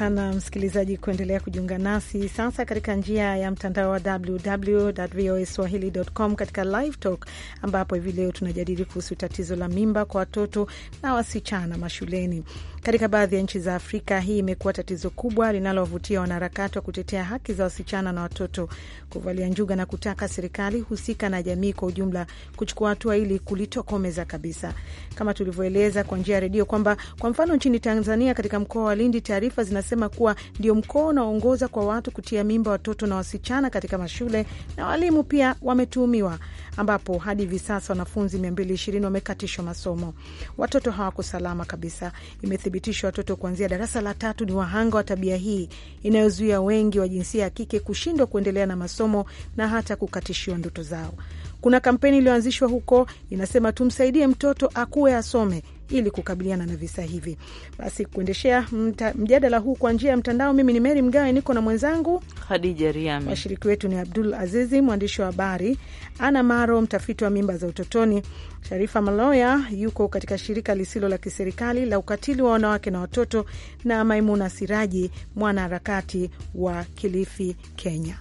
sana msikilizaji kuendelea kujiunga nasi sasa katika njia ya mtandao wa www.voaswahili.com katika live talk, ambapo hivi leo tunajadili kuhusu tatizo la mimba kwa watoto na wasichana mashuleni. Katika baadhi ya nchi za Afrika, hii imekuwa tatizo kubwa linalovutia wanaharakati wa kutetea haki za wasichana na watoto kuvalia njuga na kutaka serikali husika na jamii kwa ujumla kuchukua hatua ili kulitokomeza kabisa, kama tulivyoeleza kwa njia ya redio kwamba kwa mfano nchini Tanzania, katika mkoa wa Lindi, taarifa zinasema kuwa ndio mkoa unaoongoza kwa watu kutia mimba watoto na wasichana katika mashule, na walimu pia wametuhumiwa ambapo hadi hivi sasa wanafunzi 220 wamekatishwa masomo. Watoto hawako salama kabisa. Imethibitishwa watoto kuanzia darasa la tatu ni wahanga wa tabia hii inayozuia wengi wa jinsia ya kike kushindwa kuendelea na masomo na hata kukatishiwa ndoto zao. Kuna kampeni iliyoanzishwa huko inasema, tumsaidie mtoto akuwe asome ili kukabiliana na visa hivi. Basi kuendeshea mjadala huu kwa njia ya mtandao, mimi ni Meri Mgawe, niko na mwenzangu Hadija Riami. Washiriki wetu ni Abdul Azizi, mwandishi wa habari, Ana Maro, mtafiti wa mimba za utotoni, Sharifa Maloya yuko katika shirika lisilo la kiserikali la ukatili wa wanawake na watoto, na Maimuna Siraji, mwanaharakati wa Kilifi, Kenya.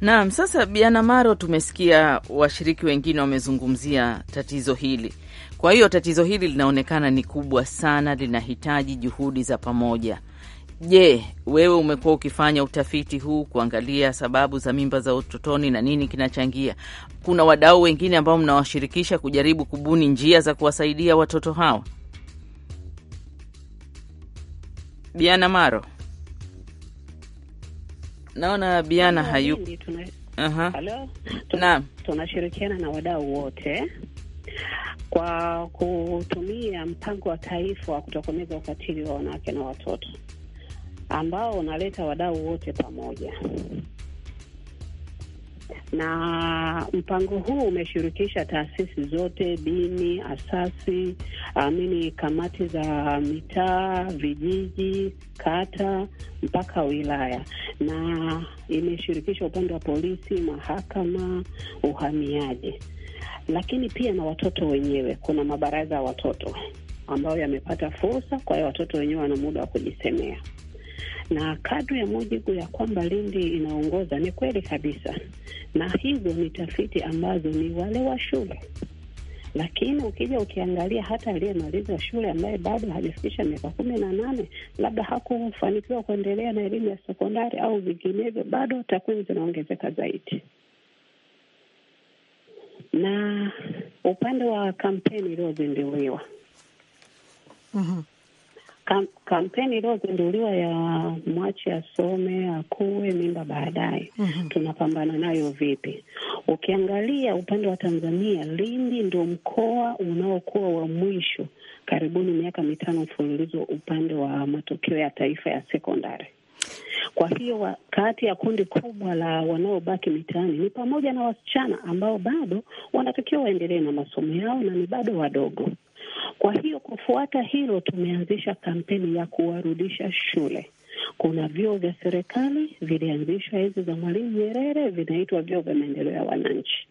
Naam, sasa Biana Maro, tumesikia washiriki wengine wamezungumzia tatizo hili. Kwa hiyo tatizo hili linaonekana ni kubwa sana, linahitaji juhudi za pamoja. Je, wewe umekuwa ukifanya utafiti huu kuangalia sababu za mimba za utotoni na nini kinachangia? Kuna wadau wengine ambao mnawashirikisha kujaribu kubuni njia za kuwasaidia watoto hawa? Biana Maro, naona Biana hayupo. Naam, tunashirikiana na wadau wote kwa kutumia mpango wa taifa wa kutokomeza ukatili wa wanawake na watoto ambao unaleta wadau wote pamoja, na mpango huu umeshirikisha taasisi zote, dini, asasi amini, kamati za mitaa, vijiji, kata mpaka wilaya, na imeshirikisha upande wa polisi, mahakama, uhamiaji lakini pia na watoto wenyewe. Kuna mabaraza ya watoto ambayo yamepata fursa, kwa hiyo watoto wenyewe wana muda wa kujisemea. Na kadri ya mujibu ya kwamba Lindi inaongoza ni kweli kabisa, na hizo ni tafiti ambazo ni wale wa shule lakini ukija ukiangalia hata aliyemaliza shule ambaye bado hajafikisha miaka kumi na nane labda hakufanikiwa kuendelea na elimu ya sekondari au vinginevyo, bado takwimu zinaongezeka zaidi na upande wa kampeni iliyozinduliwa mhm. Kam, kampeni iliyozinduliwa ya mwache asome akuwe mimba baadaye mm-hmm. tunapambana nayo vipi? Ukiangalia upande wa Tanzania, Lindi ndo mkoa unaokuwa wa mwisho karibuni miaka mitano mfululizo upande wa matokeo ya taifa ya sekondari. Kwa hiyo kati ya kundi kubwa la wanaobaki mitaani ni pamoja na wasichana ambao bado wanatakiwa waendelee na masomo yao na ni bado wadogo. Kwa hiyo kufuata hilo, tumeanzisha kampeni ya kuwarudisha shule. Kuna vyuo vya serikali vilianzishwa, hizi za Mwalimu Nyerere, vinaitwa vyuo vya maendeleo ya wananchi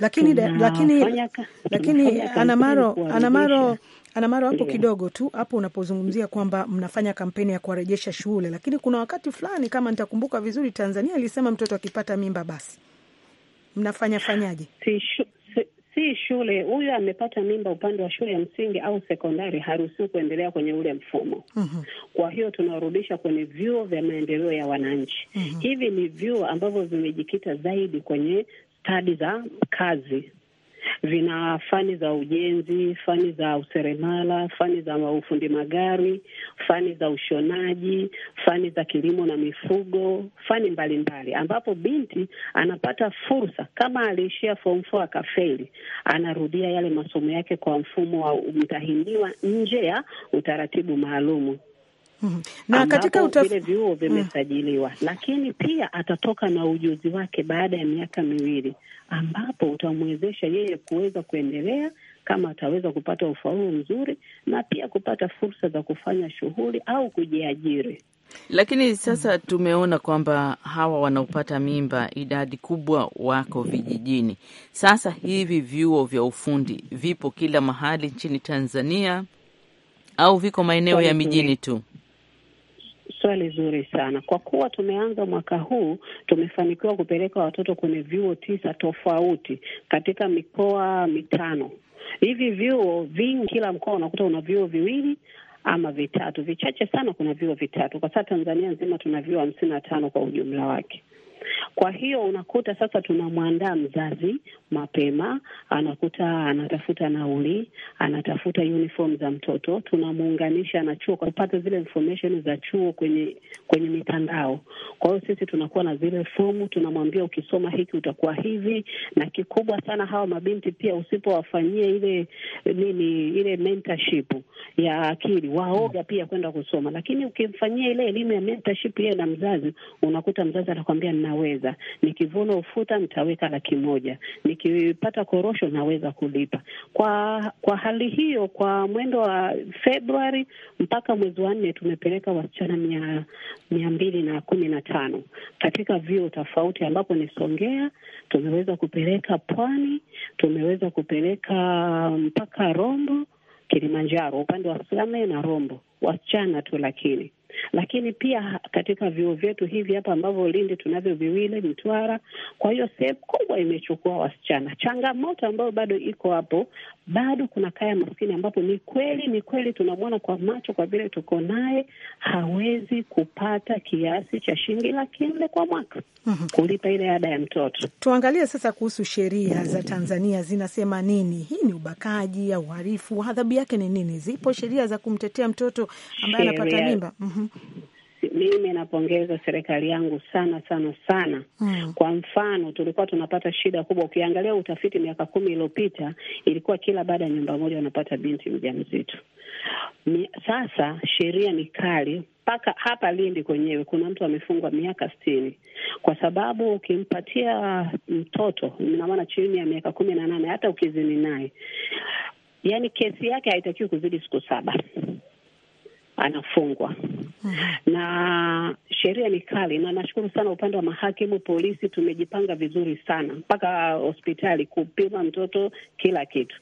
lakini da, lakini Konyaka. lakini Anamaro Anamaro Anamaro, hapo kidogo tu hapo unapozungumzia kwamba mnafanya kampeni ya kuwarejesha shule, lakini kuna wakati fulani kama nitakumbuka vizuri, Tanzania ilisema mtoto akipata mimba basi mnafanya fanyaje? Si, shu, si, si shule huyu amepata mimba upande wa shule ya msingi au sekondari, haruhusiwi kuendelea kwenye ule mfumo. mm -hmm. Kwa hiyo tunarudisha kwenye vyuo vya maendeleo ya wananchi. mm -hmm. Hivi ni vyuo ambavyo vimejikita zaidi kwenye stadi za kazi vina fani za ujenzi, fani za useremala, fani za ufundi magari, fani za ushonaji, fani za kilimo na mifugo, fani mbalimbali, ambapo binti anapata fursa. Kama aliishia form four akafeli, anarudia yale masomo yake kwa mfumo wa mtahiniwa nje ya utaratibu maalumu mm -hmm. na katika utaf... vile vyuo mm. vimesajiliwa mm Lakini pia atatoka na ujuzi wake baada ya miaka miwili ambapo utamwezesha yeye kuweza kuendelea kama ataweza kupata ufaulu mzuri na pia kupata fursa za kufanya shughuli au kujiajiri. Lakini sasa tumeona kwamba hawa wanaopata mimba idadi kubwa wako vijijini. Sasa hivi vyuo vya ufundi vipo kila mahali nchini Tanzania au viko maeneo ya mijini tu? Swali zuri sana. Kwa kuwa tumeanza mwaka huu, tumefanikiwa kupeleka watoto kwenye vyuo tisa tofauti katika mikoa mitano. Hivi vyuo vingi, kila mkoa unakuta una vyuo viwili ama vitatu, vichache sana kuna vyuo vitatu. Kwa sasa Tanzania nzima tuna vyuo hamsini na tano kwa ujumla wake. Kwa hiyo unakuta sasa tunamwandaa mzazi mapema, anakuta anatafuta nauli, anatafuta uniform za mtoto, tunamuunganisha na chuo kwa kupata zile information za chuo kwenye kwenye mitandao. Kwa hiyo sisi tunakuwa na zile fomu, tunamwambia ukisoma hiki utakuwa hivi, na kikubwa sana hawa mabinti pia usipowafanyia ile nini, ile mentorship ya akili, waoga pia kwenda kusoma, lakini ukimfanyia ile elimu ya mentorship yeye na mzazi, unakuta mzazi anakwambia nina naweza. Nikivuna ufuta nitaweka laki moja, nikipata korosho naweza kulipa. Kwa kwa hali hiyo, kwa mwendo wa Februari mpaka mwezi wa nne tumepeleka wasichana mia, mia mbili na kumi na tano katika vyuo tofauti, ambapo ni Songea tumeweza kupeleka, Pwani tumeweza kupeleka mpaka Rombo, Kilimanjaro upande wa Same na Rombo, wasichana tu lakini lakini pia katika vyuo vyetu hivi hapa ambavyo Lindi tunavyo viwili, Mtwara. Kwa hiyo sehemu kubwa imechukua wasichana. Changamoto ambayo bado iko hapo, bado kuna kaya maskini ambapo ni kweli ni kweli tunamwona kwa macho, kwa vile tuko naye hawezi kupata kiasi cha shilingi laki nne kwa mwaka mhm. kulipa ile ada ya mtoto. Tuangalie sasa kuhusu sheria za Tanzania zinasema nini? Hii ni ubakaji au uhalifu, adhabu yake ni nini? Zipo sheria za kumtetea mtoto ambaye anapata mimba mm -hmm. -hmm. Mimi napongeza serikali yangu sana sana sana. Mm. Kwa mfano tulikuwa tunapata shida kubwa, ukiangalia utafiti miaka kumi iliyopita ilikuwa kila baada ya nyumba moja wanapata binti mjamzito. Sasa sheria ni kali mpaka hapa Lindi kwenyewe kuna mtu amefungwa miaka sitini kwa sababu ukimpatia mtoto, namana chini ya miaka kumi na nane, hata ukizini naye, yani kesi yake haitakiwi kuzidi siku saba anafungwa mhm. na sheria ni kali, na nashukuru sana upande wa mahakimu, polisi tumejipanga vizuri sana, mpaka hospitali kupima mtoto, kila kitu.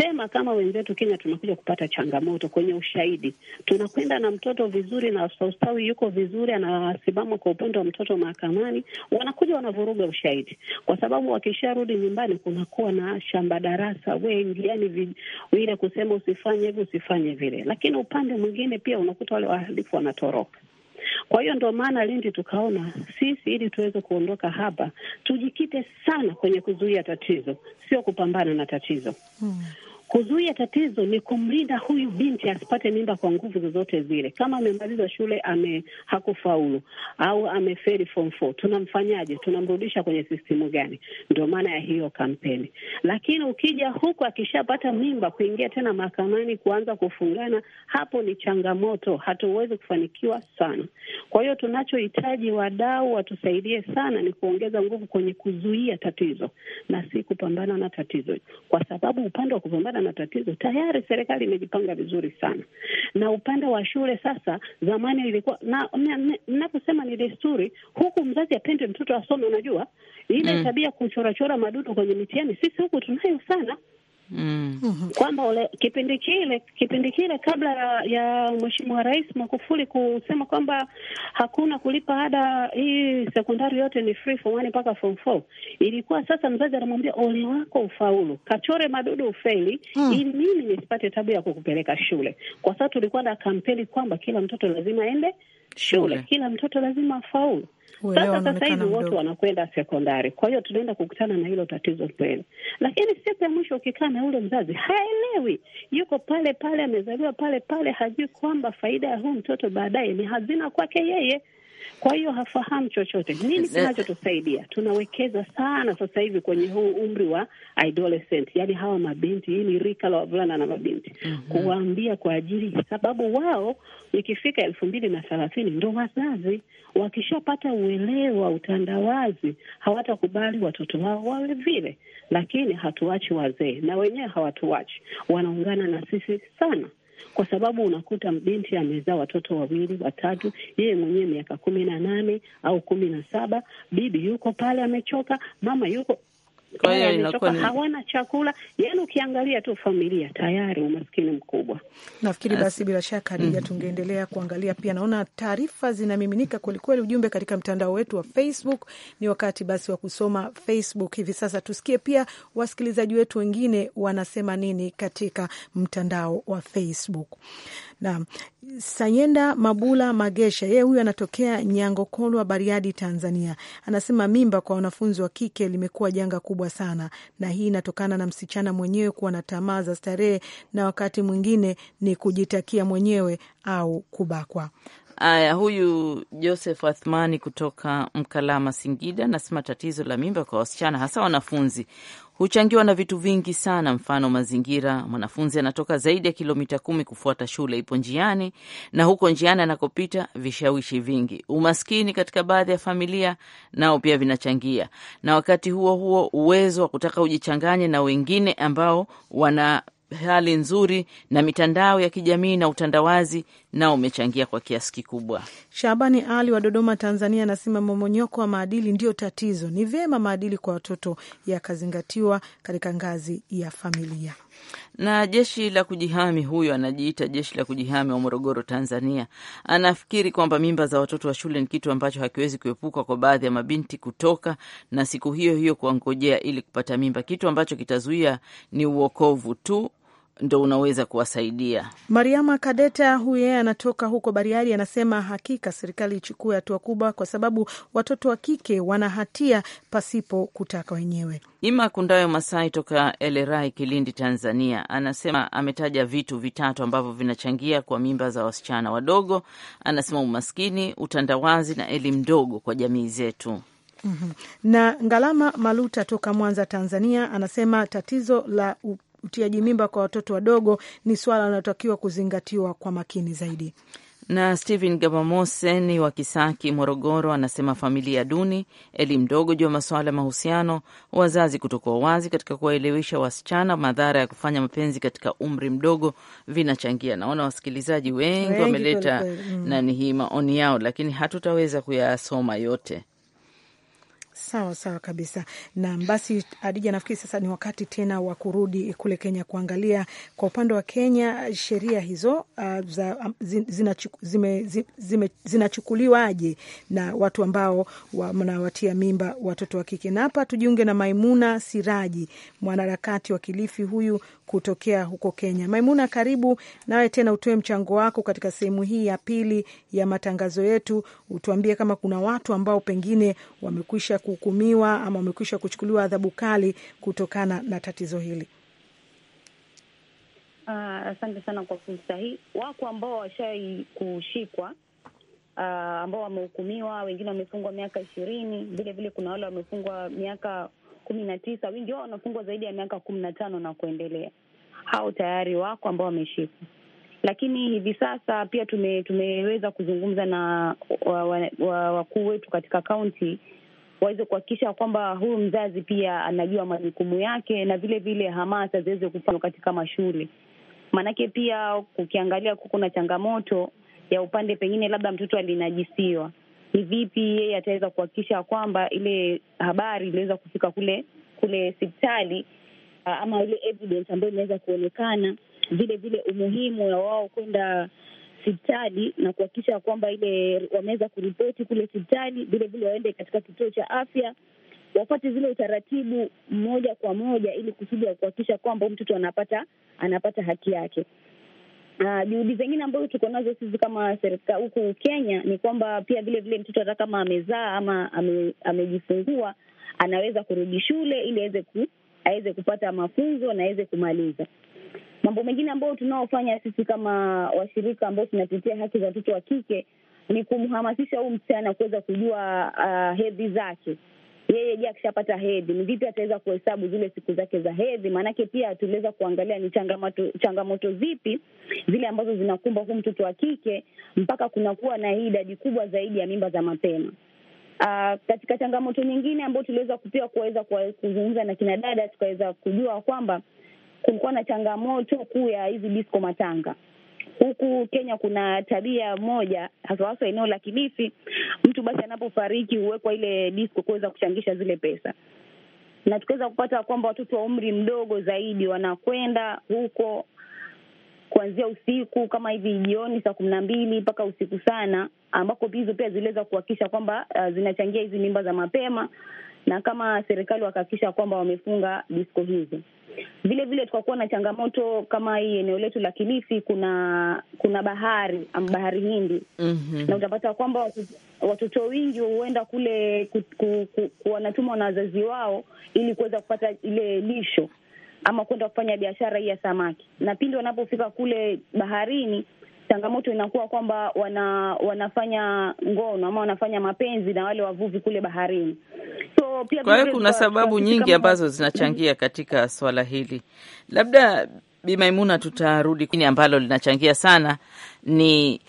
Sema kama wenzetu Kenya tunakuja kupata changamoto kwenye ushahidi, tunakwenda na mtoto vizuri na ustawi yuko vizuri, anasimama kwa upande wa mtoto mahakamani, wanakuja wanavuruga ushahidi, kwa sababu wakisharudi nyumbani kunakuwa na shamba darasa wengi, yani vile kusema usifanye hivi usifanye vile, lakini upande mwingine pia unakuta wale wahalifu wanatoroka. Kwa hiyo ndo maana Lindi tukaona sisi, ili tuweze kuondoka hapa, tujikite sana kwenye kuzuia tatizo, sio kupambana na tatizo. Hmm. Kuzuia tatizo ni kumlinda huyu binti asipate mimba kwa nguvu zozote zile. Kama amemaliza shule ame hakufaulu au ameferi form four, tunamfanyaje? Tunamrudisha kwenye sistimu gani? Ndio maana ya hiyo kampeni. Lakini ukija huku akishapata mimba, kuingia tena mahakamani, kuanza kufungana, hapo ni changamoto, hatuwezi kufanikiwa sana. Kwa hiyo tunachohitaji wadau watusaidie sana ni kuongeza nguvu kwenye kuzuia tatizo na si kupambana na tatizo, kwa sababu upande wa kupambana na tatizo tayari serikali imejipanga vizuri sana. Na upande wa shule sasa, zamani ilikuwa na ninaposema ni desturi huku, mzazi apende mtoto asome. Unajua ile mm. tabia kuchorachora madudu kwenye mitihani, sisi huku tunayo sana mm kwamba ule kipindi kile kipindi kile kabla ya, ya Mheshimiwa Rais Magufuli kusema kwamba hakuna kulipa ada hii sekondari yote ni free form one mpaka form four, ilikuwa sasa mzazi anamwambia ole wako ufaulu, kachore madudu ufeli mm. ili mimi nisipate tabu ya kukupeleka shule, kwa sababu tulikuwa na kampeni kwamba kila mtoto lazima aende shule, shule. Kila mtoto lazima afaulu sasa sasa hivi wote wanakwenda sekondari, kwa hiyo tunaenda kukutana na hilo tatizo kweli, lakini siku ya mwisho ukikaa na yule mzazi haelewi, yuko pale pale, amezaliwa pale pale, hajui kwamba faida ya huu mtoto baadaye ni hazina kwake yeye. Kwa hiyo hafahamu chochote. Nini kinachotusaidia? Tunawekeza sana sasa hivi kwenye huu umri wa adolescent, yani hawa mabinti, hii ni rika la wavulana na mabinti mm -hmm. kuwaambia kwa ajili, sababu wao ikifika elfu mbili na thelathini ndo wazazi wakishapata uelewa utandawazi, hawatakubali watoto wao wawe vile, lakini hatuachi wazee na wenyewe hawatuachi, wanaungana na sisi sana kwa sababu unakuta binti amezaa watoto wawili watatu, yeye mwenyewe miaka kumi na nane au kumi na saba, bibi yuko pale amechoka, mama yuko kwa hiyo inakuwa ni hawana chakula. Yani ukiangalia tu familia tayari umaskini mkubwa. Nafikiri basi bila shaka Hadija, mm, tungeendelea kuangalia pia. Naona taarifa zinamiminika kwelikweli, ujumbe katika mtandao wetu wa Facebook. Ni wakati basi wa kusoma Facebook hivi sasa, tusikie pia wasikilizaji wetu wengine wanasema nini katika mtandao wa Facebook. Naam, Sayenda Mabula Magesha, yeye huyu anatokea Nyangokolwa, Bariadi, Tanzania, anasema mimba kwa wanafunzi wa kike limekuwa janga kubwa sana, na hii inatokana na msichana mwenyewe kuwa na tamaa za starehe na wakati mwingine ni kujitakia mwenyewe au kubakwa. Aya, huyu Joseph Athmani kutoka Mkalama, Singida, anasema tatizo la mimba kwa wasichana hasa wanafunzi huchangiwa na vitu vingi sana, mfano mazingira. Mwanafunzi anatoka zaidi ya kilomita kumi kufuata shule, ipo njiani, na huko njiani anakopita vishawishi vingi. Umaskini katika baadhi ya familia nao pia vinachangia, na wakati huo huo uwezo wa kutaka ujichanganye na wengine ambao wana hali nzuri na mitandao ya kijamii na utandawazi nao umechangia kwa kiasi kikubwa. Shabani Ali wa Dodoma, Tanzania, anasema momonyoko wa maadili ndiyo tatizo. Ni vyema maadili kwa watoto yakazingatiwa katika ngazi ya familia na jeshi la kujihami huyo anajiita jeshi la kujihami wa Morogoro, Tanzania, anafikiri kwamba mimba za watoto wa shule ni kitu ambacho hakiwezi kuepuka kwa baadhi ya mabinti kutoka na siku hiyo hiyo kuwangojea ili kupata mimba, kitu ambacho kitazuia ni uokovu tu ndo unaweza kuwasaidia. Mariama Kadeta huyu yeye anatoka huko Bariadi, anasema hakika serikali ichukue hatua kubwa, kwa sababu watoto wa kike wana hatia pasipo kutaka wenyewe. Ima Kundayo Masai toka Elerai, Kilindi, Tanzania, anasema ametaja vitu vitatu ambavyo vinachangia kwa mimba za wasichana wadogo. Anasema umaskini, utandawazi na elimu ndogo kwa jamii zetu. Mhm. Na Ngalama Maluta toka Mwanza, Tanzania, anasema tatizo la utiaji mimba kwa watoto wadogo ni swala linalotakiwa kuzingatiwa kwa makini zaidi. Na Stephen Gabamose wa Kisaki, Morogoro, anasema familia duni, elimu ndogo juu ya masuala ya mahusiano, wazazi kutokuwa wazi katika kuwaelewesha wasichana madhara ya kufanya mapenzi katika umri mdogo vinachangia. Naona wasikilizaji wengi wameleta mm. nani hii maoni yao, lakini hatutaweza kuyasoma yote. Sawa sawa kabisa. Na basi, Adija, nafikiri sasa ni wakati tena wa kurudi kule Kenya kuangalia kwa upande wa Kenya sheria hizo uh, um, zinachukuliwaje zime, na watu ambao wanawatia mimba watoto wa kike. Na hapa tujiunge na Maimuna Siraji, mwanaharakati wa Kilifi. Huyu kutokea huko Kenya. Maimuna, karibu nawe tena, utoe mchango wako katika sehemu hii ya pili ya matangazo yetu, utuambie kama kuna watu ambao pengine wamekwisha kuhukumiwa ama wamekwisha kuchukuliwa adhabu kali kutokana na tatizo hili. Ah, asante uh, sana kwa fursa hii. Wako ambao washai kushikwa uh, ambao wamehukumiwa, wengine wamefungwa miaka ishirini, vilevile kuna wale wamefungwa miaka kumi na tisa, wengi wao wanafungwa zaidi ya miaka kumi na tano na kuendelea. Hao tayari wako ambao wameshikwa, lakini hivi sasa pia tume, tumeweza kuzungumza na wakuu wa, wa, wetu katika kaunti waweze kuhakikisha kwamba huyu mzazi pia anajua majukumu yake na vile vile hamasa ziweze kufanywa katika mashule, maanake pia ukiangalia kuna changamoto ya upande pengine labda mtoto alinajisiwa ni vipi yeye ataweza kuhakikisha kwamba ile habari iliweza kufika kule kule hospitali ah, ama ile evidence ambayo imeweza kuonekana, vile vile umuhimu wa wao kwenda sipitali na kuhakikisha kwamba ile wameweza kuripoti kule sipitali vile vile waende katika kituo cha afya wapate zile utaratibu moja kwa moja, ili kusudi ya kuhakikisha kwamba mtoto anapata anapata haki yake. Uh, juhudi zengine ambazo tuko nazo sisi kama serikali huku Kenya ni kwamba pia vilevile mtoto hata kama amezaa ama ame, amejifungua anaweza kurudi shule ili aweze ku, aweze kupata mafunzo na aweze kumaliza. Mambo mengine ambayo tunaofanya sisi kama washirika ambao tunatetea haki za mtoto wa kike ni kumhamasisha huu msichana kuweza kujua uh, hedhi zake yeye, je, akishapata hedhi ni vipi ataweza kuhesabu zile siku zake za hedhi? Maanake pia tuliweza kuangalia ni changamoto, changamoto zipi zile ambazo zinakumba huu mtoto wa kike mpaka kunakuwa na hii idadi kubwa zaidi ya mimba za mapema. Uh, katika changamoto nyingine ambayo tuliweza pia kuweza kuzungumza na kina dada tukaweza kujua kwamba kulikuwa na changamoto kuu ya hizi disko matanga Huku Kenya kuna tabia moja, hasa hasa eneo la Kilifi, mtu basi anapofariki huwekwa ile disko kuweza kuchangisha zile pesa, na tukaweza kupata kwamba watoto wa umri mdogo zaidi wanakwenda huko kuanzia usiku kama hivi jioni saa kumi na mbili mpaka usiku sana, ambako hizo pia ziliweza kuhakikisha kwamba uh, zinachangia hizi mimba za mapema na kama serikali wakahakikisha kwamba wamefunga disko hizi. Vile vile tukakuwa na changamoto kama hii eneo letu la Kilifi, kuna kuna bahari bahari Hindi mm -hmm. na utapata kwamba watoto wengi huenda kule ku, ku, ku, wanatumwa na wazazi wao ili kuweza kupata ile lisho ama kwenda kufanya biashara hii ya samaki, na pindi wanapofika kule baharini changamoto inakuwa kwamba wana, wanafanya ngono ama wanafanya mapenzi na wale wavuvi kule baharini. So pia kwa hiyo kuna sababu nyingi ambazo zinachangia katika swala hili. Labda Bi Maimuna, tutarudi kini ambalo linachangia sana ni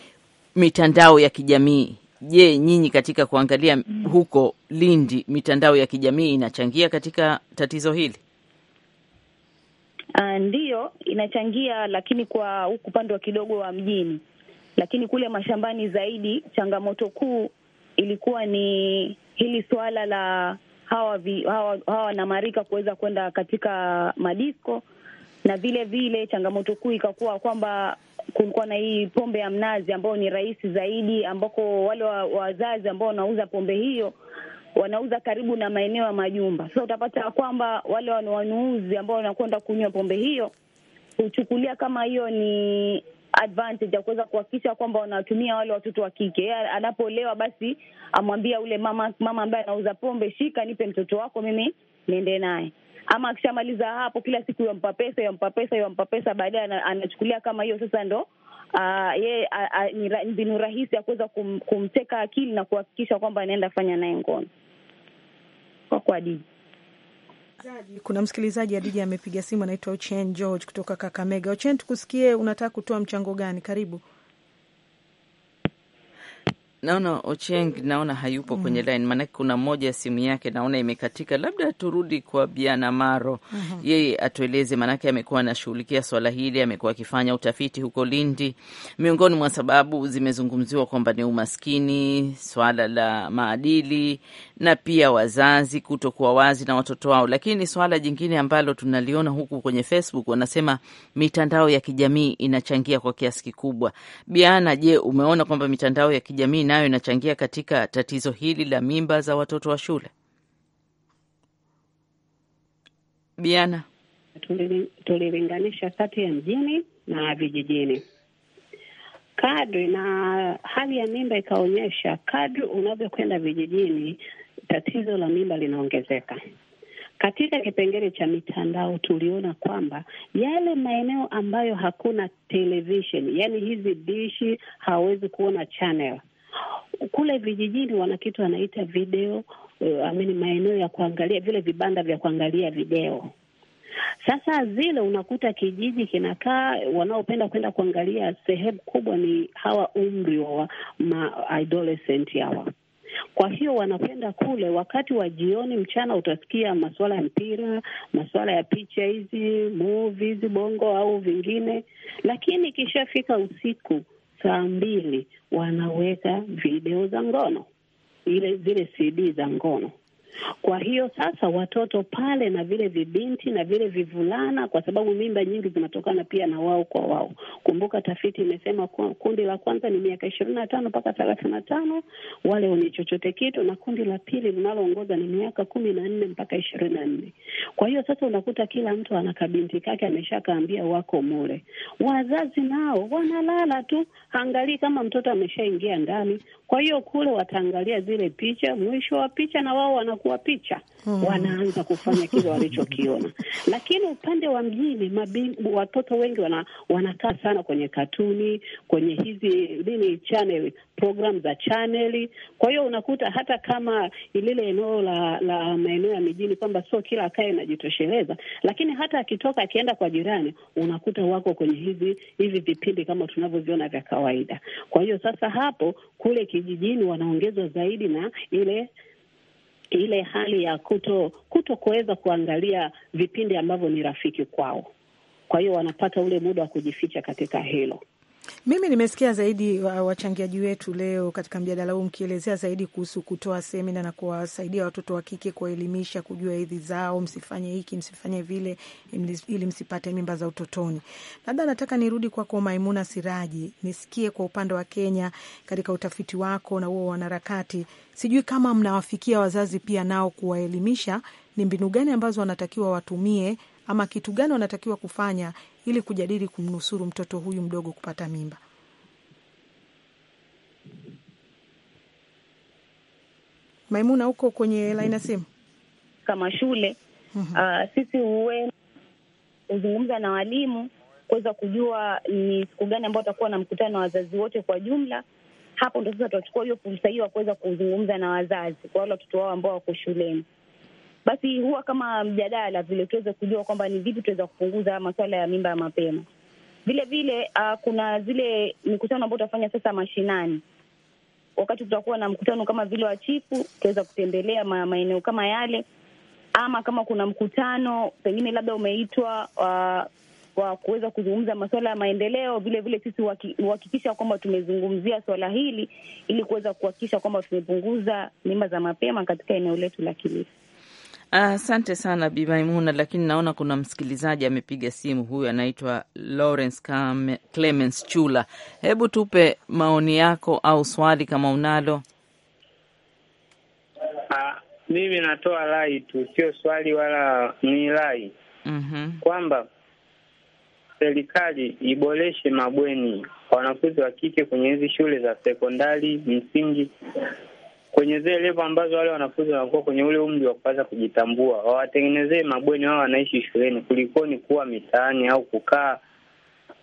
mitandao ya kijamii. Je, nyinyi katika kuangalia huko Lindi, mitandao ya kijamii inachangia katika tatizo hili? Uh, ah, ndiyo inachangia, lakini kwa huku upande wa kidogo wa mjini, lakini kule mashambani zaidi changamoto kuu ilikuwa ni hili suala la hawa vi, hawa, hawa wanamarika kuweza kwenda katika madisko na vile vile changamoto kuu ikakuwa kwamba kulikuwa na hii pombe ya mnazi ambayo ni rahisi zaidi, ambako wale wazazi ambao wanauza pombe hiyo wanauza karibu na maeneo ya majumba. Sasa So utapata kwamba wale wanunuzi ambao wanakwenda kunywa pombe hiyo huchukulia kama hiyo ni advantage ya kuweza kuhakikisha kwamba wanatumia wale watoto wa kike. Anapolewa basi amwambia ule mama mama ambaye anauza pombe, shika, nipe mtoto wako, mimi niende naye ama akishamaliza hapo, kila siku yampa pesa yampa pesa yampa pesa, baadaye anachukulia kama hiyo sasa ndo ah, yeye ah, ah, ni mbinu rahisi ya kuweza kum, kumteka akili na kuhakikisha kwamba anaenda fanya naye ngono kwako Adija. Kuna msikilizaji Adija amepiga simu, anaitwa Ochen George kutoka Kakamega. Ochen, tukusikie, unataka kutoa mchango gani? Karibu. Naona Ocheng naona hayupo mm kwenye line, maanake kuna mmoja ya simu yake naona imekatika. Labda turudi kwa Biana Maro mm -hmm. yeye atueleze, maanake amekuwa anashughulikia swala hili, amekuwa akifanya utafiti huko Lindi. Miongoni mwa sababu zimezungumziwa kwamba ni umaskini, swala la maadili na pia wazazi kutokuwa wazi na watoto wao. Lakini swala jingine ambalo tunaliona huku kwenye Facebook, wanasema mitandao ya kijamii inachangia kwa kiasi kikubwa. Biana, je, umeona kwamba mitandao ya kijamii nayo inachangia katika tatizo hili la mimba za watoto wa shule? Biana, tulilinganisha kati ya mjini na vijijini kadri na hali ya mimba ikaonyesha, kadri unavyokwenda vijijini tatizo la mimba linaongezeka. Katika kipengele cha mitandao tuliona kwamba yale maeneo ambayo hakuna televisheni, yani hizi dishi hawawezi kuona channel, kule vijijini wana kitu anaita video uh, eh, amini maeneo ya kuangalia vile vibanda vya kuangalia video. Sasa zile unakuta kijiji kinakaa, wanaopenda kwenda kuangalia sehemu kubwa ni hawa umri wa adolescent hawa kwa hiyo wanakwenda kule wakati wa jioni, mchana utasikia masuala ya mpira, masuala ya picha hizi, movies bongo au vingine, lakini ikishafika usiku saa mbili wanaweka video za ngono, ile zile CD za ngono. Kwa hiyo sasa watoto pale na vile vibinti na vile vivulana, kwa sababu mimba nyingi zinatokana pia na wao kwa wao. Kumbuka tafiti imesema kundi la kwanza ni miaka ishirini na tano mpaka thelathini na tano wale wenye chochote kitu, na kundi la pili linaloongoza ni miaka kumi na nne mpaka ishirini na nne. Kwa hiyo sasa unakuta kila mtu ana kabinti kake ameshakaambia wako mule. Wazazi nao wanalala tu, angalii kama mtoto ameshaingia ndani kwa hiyo kule wataangalia zile picha, mwisho wa picha na wao wanakuwa picha hmm. Wanaanza kufanya kile walichokiona. Lakini upande wa mjini mabi, watoto wengi wana, wanakaa sana kwenye katuni, kwenye hizi nini channel programu za chaneli. Kwa hiyo unakuta hata kama lile eneo la la maeneo ya mijini kwamba sio kila kaya inajitosheleza, lakini hata akitoka akienda kwa jirani, unakuta wako kwenye hivi hivi vipindi kama tunavyoviona vya kawaida. Kwa hiyo sasa hapo kule kijijini wanaongezwa zaidi na ile ile hali ya kuto kuto kuweza kuangalia vipindi ambavyo ni rafiki kwao. Kwa hiyo wanapata ule muda wa kujificha katika hilo. Mimi nimesikia zaidi wachangiaji wetu leo katika mjadala huu mkielezea zaidi kuhusu kutoa semina na kuwasaidia watoto wa kike kuwaelimisha, kujua hedhi zao, msifanye hiki, msifanye vile, ili msipate mimba za utotoni. Labda nataka nirudi kwako Maimuna Siraji, nisikie kwa upande wa Kenya katika utafiti wako na huo wanaharakati, sijui kama mnawafikia wazazi pia nao kuwaelimisha ni mbinu gani ambazo wanatakiwa watumie ama kitu gani wanatakiwa kufanya ili kujadili kumnusuru mtoto huyu mdogo kupata mimba. Maimuna, huko kwenye laini ya simu kama shule mm -hmm. Uh, sisi huwe huzungumza na walimu kuweza kujua ni siku gani ambao watakuwa na mkutano wa wazazi wote kwa jumla. Hapo ndo sasa tutachukua hiyo fursa hiyo ya kuweza kuzungumza na wazazi kwa wale watoto wao ambao wako shuleni basi huwa kama mjadala vile, tuweze kujua kwamba ni vipi tunaweza kupunguza masuala ya mimba ya mapema. Vile vile uh, kuna zile mikutano ambayo utafanya sasa mashinani. Wakati tutakuwa na mkutano kama vile wa chifu, tutaweza kutembelea ma, maeneo kama yale, ama kama kuna mkutano pengine labda umeitwa uh, wa kuweza kuzungumza masuala ya maendeleo. Vile vile sisi huhakikisha kwamba tumezungumzia swala hili ili kuweza kuhakikisha kwamba tumepunguza mimba za mapema katika eneo letu la Kilifi. Asante sana Bi Maimuna, lakini naona kuna msikilizaji amepiga simu. Huyu anaitwa Lawrence Clemens Chula. Hebu tupe maoni yako au swali kama unalo. Uh, mimi natoa rai tu, sio swali wala ni rai mm -hmm. kwamba serikali iboreshe mabweni kwa wanafunzi wa kike kwenye hizi shule za sekondari, msingi kwenye zile levo ambazo wale wanafunzi wanakuwa kwenye ule umri wa kupata kujitambua, wawatengenezee mabweni wao wanaishi shuleni, kulikoni kuwa mitaani au kukaa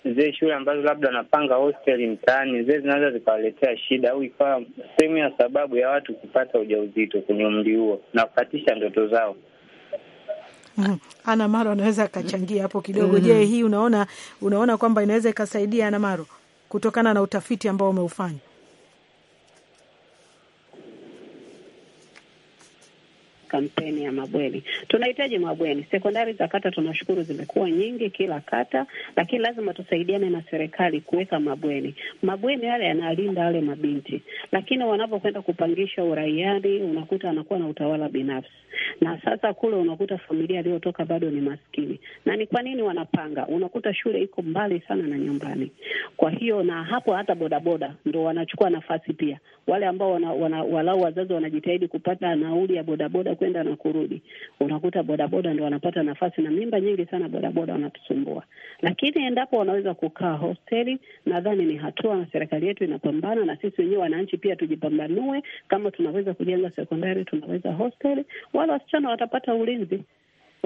zile shule ambazo labda wanapanga hosteli mtaani, zile zinaweza zikawaletea shida au ikawa sehemu ya sababu ya watu kupata ujauzito kwenye umri huo na kukatisha ndoto zao. Mm-hmm. Ana Maro anaweza akachangia hapo kidogo. Mm -hmm. Je, hii unaona unaona kwamba inaweza ikasaidia Ana Maro kutokana na utafiti ambao umeufanya? kampeni ya mabweni. Tunahitaji mabweni. Sekondari za kata tunashukuru zimekuwa nyingi kila kata, lakini lazima tusaidiane na serikali kuweka mabweni. Mabweni yale yanalinda wale mabinti, lakini wanapokwenda kupangisha uraiani unakuta anakuwa na utawala binafsi, na sasa kule unakuta familia aliyotoka bado ni maskini. Na ni kwa nini wanapanga? Unakuta shule iko mbali sana na nyumbani, kwa hiyo na hapo hata bodaboda ndo wanachukua nafasi pia, wale ambao wana, wana, walau wazazi wanajitahidi kupata nauli ya bodaboda kwenda na kurudi. Unakuta bodaboda ndo wanapata nafasi, na mimba nyingi sana bodaboda wanatusumbua. Lakini endapo wanaweza kukaa hosteli, nadhani ni hatua, na serikali yetu inapambana, na sisi wenyewe wananchi pia tujipambanue. Kama tunaweza kujenga sekondari, tunaweza hosteli, wala wasichana watapata ulinzi.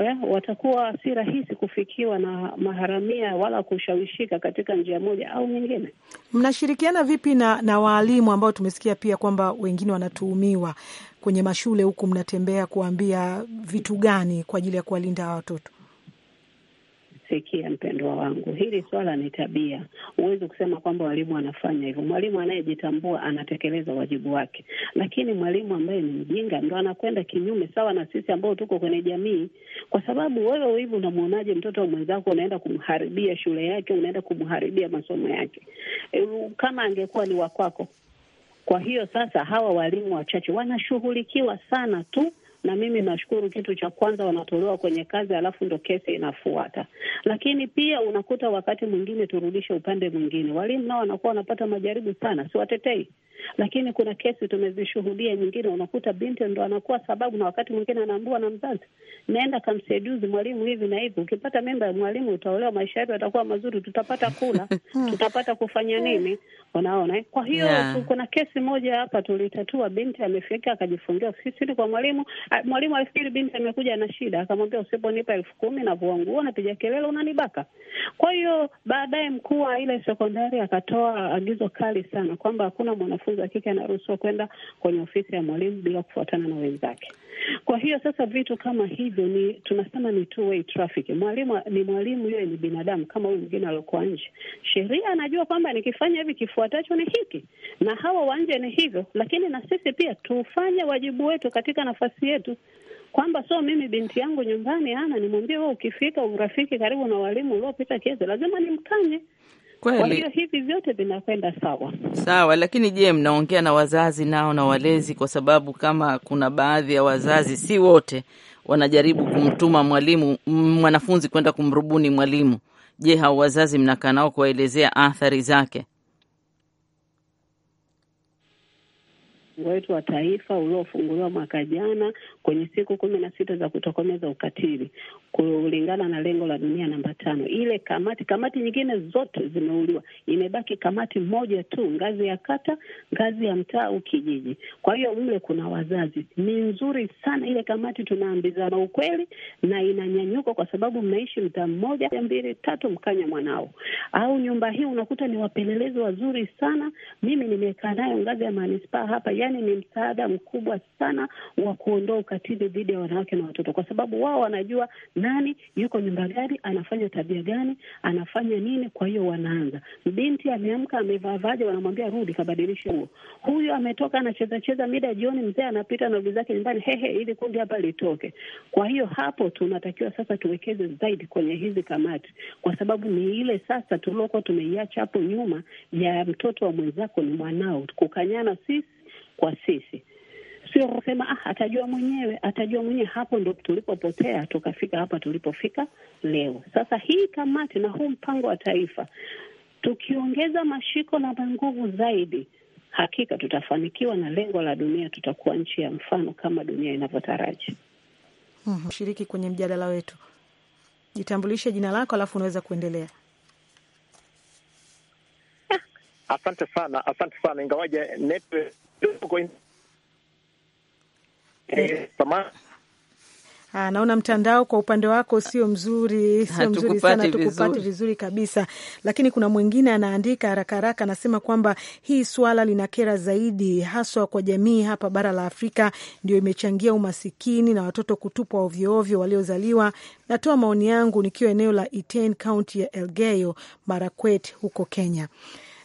Eh, watakuwa si rahisi kufikiwa na maharamia wala kushawishika katika njia moja au nyingine. Mnashirikiana vipi na, na waalimu ambao tumesikia pia kwamba wengine wanatuhumiwa kwenye mashule huku, mnatembea kuambia vitu gani kwa ajili ya kuwalinda watoto? sikia mpendwa wangu. Hili swala ni tabia, huwezi kusema kwamba walimu wanafanya hivyo. Mwalimu anayejitambua anatekeleza wajibu wake, lakini mwalimu ambaye ni mjinga ndo anakwenda kinyume, sawa na sisi ambao tuko kwenye jamii, kwa sababu wewe hivi unamwonaje mtoto wa mwenzako? Unaenda kumharibia shule yake, unaenda kumharibia masomo yake, e, kama angekuwa ni wakwako. Kwa hiyo sasa hawa walimu wachache wanashughulikiwa sana tu na mimi nashukuru, kitu cha kwanza wanatolewa kwenye kazi, alafu ndo kesi inafuata. Lakini pia unakuta wakati mwingine, turudishe upande mwingine, walimu nao wanakuwa wanapata majaribu sana, siwatetei, lakini kuna kesi tumezishuhudia nyingine, unakuta binti ndo anakuwa sababu, na wakati mwingine anaambua na mzazi, naenda kamseduzi mwalimu hivi na hivi, ukipata mimba ya mwalimu utaolewa, maisha yetu yatakuwa mazuri, tutapata kula, tutapata kufanya nini? Unaona, kwa hiyo yeah. Kuna kesi moja hapa tulitatua, binti amefika akajifungia ofisini kwa mwalimu Eh, mwalimu alifikiri binti amekuja na shida, akamwambia usiponipa elfu kumi na vua nguo napiga kelele unanibaka. Kwa hiyo baadaye mkuu wa ile sekondari akatoa agizo kali sana kwamba hakuna mwanafunzi wa kike anaruhusiwa kwenda kwenye ofisi ya mwalimu bila kufuatana na wenzake. Kwa hiyo sasa vitu kama hivyo ni tunasema ni two way traffic. Mwalimu ni mwalimu, yeye ni binadamu kama huyu mwingine aliokuwa nje. Sheria anajua kwamba nikifanya hivi kifuatacho ni hiki, na hawa wa nje ni hivyo, lakini na sisi pia tufanye wajibu wetu katika nafasi yetu yetu kwamba so mimi binti yangu nyumbani ana nimwambie, wewe oh, ukifika urafiki karibu na walimu uliopita kiasi, lazima nimkanye. Kwa hiyo hivi vyote vinakwenda sawa sawa, lakini je, mnaongea na wazazi nao na walezi? Kwa sababu kama kuna baadhi ya wazazi, si wote, wanajaribu kumtuma mwalimu mwanafunzi kwenda kumrubuni mwalimu. Je, hao wazazi mnakaa nao kuwaelezea athari zake? wetu wa taifa uliofunguliwa mwaka jana kwenye siku kumi na sita za kutokomeza ukatili kulingana na lengo la dunia namba tano. Ile kamati kamati nyingine zote zimeuliwa, imebaki kamati moja tu, ngazi ya kata, ngazi ya mtaa au kijiji. Kwa hiyo mle kuna wazazi. Ni nzuri sana ile kamati, tunaambizana ukweli na inanyanyuka, kwa sababu mnaishi mtaa mmoja, mbili tatu, mkanya mwanao au nyumba hii, unakuta ni wapelelezi wazuri sana. Mimi nimekaa nayo ngazi ya manispaa hapa, yani ni msaada mkubwa sana wa kuondoa ukatili dhidi ya wanawake na watoto, kwa sababu wao wanajua nani yuko nyumba gani, anafanya tabia gani, anafanya nini. Kwa hiyo wanaanza, binti ameamka amevaa vaja, wanamwambia rudi kabadilishe nguo. Huyu ametoka anacheza cheza mida jioni, mzee anapita na zake nyumbani, hehe, ili kundi hapa litoke. Kwa hiyo hapo tunatakiwa sasa tuwekeze zaidi kwenye hizi kamati, kwa sababu ni ile sasa tuliokuwa tumeiacha hapo nyuma ya mtoto wa mwenzako ni mwanao, kukanyana sisi kwa sisi sio kusema ah, atajua mwenyewe, atajua mwenyewe. Hapo ndo tulipopotea tukafika hapa tulipofika leo. Sasa hii kamati na huu mpango wa taifa, tukiongeza mashiko na nguvu zaidi, hakika tutafanikiwa na lengo la dunia, tutakuwa nchi ya mfano kama dunia inavyotaraji. Mm-hmm. Shiriki kwenye mjadala wetu, jitambulishe jina lako, alafu unaweza kuendelea. Ah, asante sana, asante sana, ingawaje network Eh, ha, ah, naona mtandao kwa upande wako sio mzuri, sio mzuri sana, tukupati vizuri kabisa. Lakini kuna mwingine anaandika haraka haraka, anasema kwamba hii swala lina kera zaidi, haswa kwa jamii hapa bara la Afrika, ndio imechangia umasikini na watoto kutupwa ovyoovyo waliozaliwa. Natoa maoni yangu nikiwa eneo la Iten, kaunti ya Elgeyo Marakwet huko Kenya.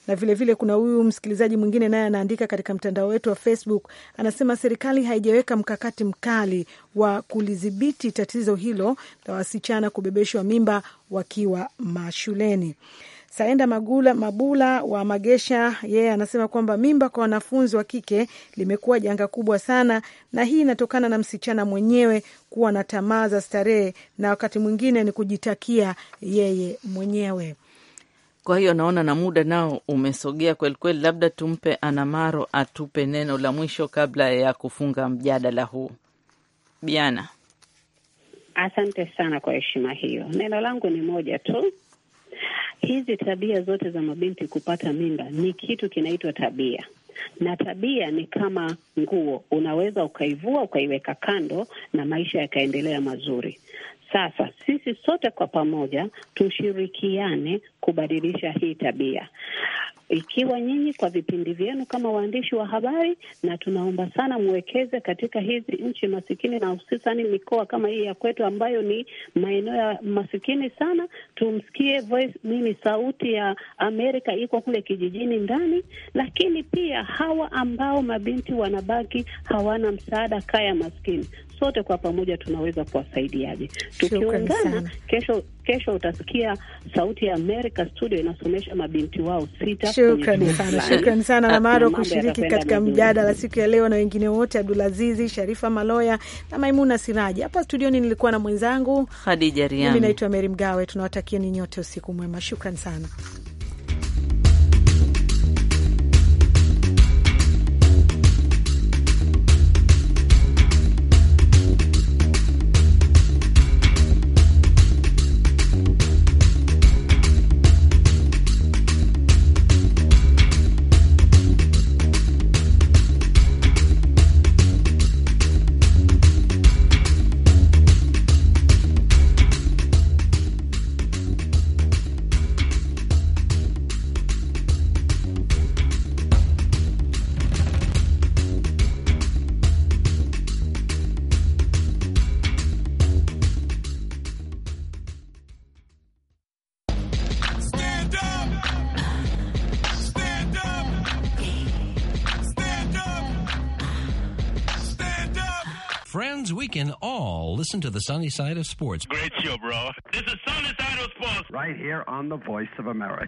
Na vilevile vile kuna huyu msikilizaji mwingine naye anaandika katika mtandao wetu wa Facebook, anasema serikali haijaweka mkakati mkali wa kulidhibiti tatizo hilo la wasichana kubebeshwa mimba wakiwa mashuleni. Saenda Magula, Mabula wa Magesha yeye yeah, anasema kwamba mimba kwa wanafunzi wa kike limekuwa janga kubwa sana, na hii inatokana na msichana mwenyewe kuwa na tamaa za starehe na wakati mwingine ni kujitakia yeye mwenyewe. Kwa hiyo naona na muda nao umesogea kwelikweli, labda tumpe Anamaro atupe neno la mwisho kabla ya kufunga mjadala huu. Biana, asante sana kwa heshima hiyo. Neno langu ni moja tu, hizi tabia zote za mabinti kupata mimba ni kitu kinaitwa tabia na tabia ni kama nguo, unaweza ukaivua ukaiweka kando na maisha yakaendelea mazuri. Sasa sisi sote kwa pamoja tushirikiane kubadilisha hii tabia ikiwa nyinyi kwa vipindi vyenu kama waandishi wa habari, na tunaomba sana mwekeze katika hizi nchi masikini na hususani mikoa kama hii ya kwetu ambayo ni maeneo ya masikini sana. Tumsikie voice nini, sauti ya Amerika iko kule kijijini ndani, lakini pia hawa ambao mabinti wanabaki hawana msaada, kaya maskini, sote kwa pamoja tunaweza kuwasaidiaje tukiungana kesho Kesho utasikia Sauti ya Amerika studio inasomesha mabinti wao sita. Shukrani sana, shukrani sana kushiriki katika mjadala siku ya leo na wengine wote, Abdulazizi Sharifa, Maloya na Maimuna Siraji. Hapa studioni nilikuwa na mwenzangu Hadija Riami. Mimi naitwa Meri Mgawe. Tunawatakia ni nyote usiku mwema, shukran sana. Listen to the sunny side of sports. Great show, bro. This is sunny side of sports. Right here on the Voice of America.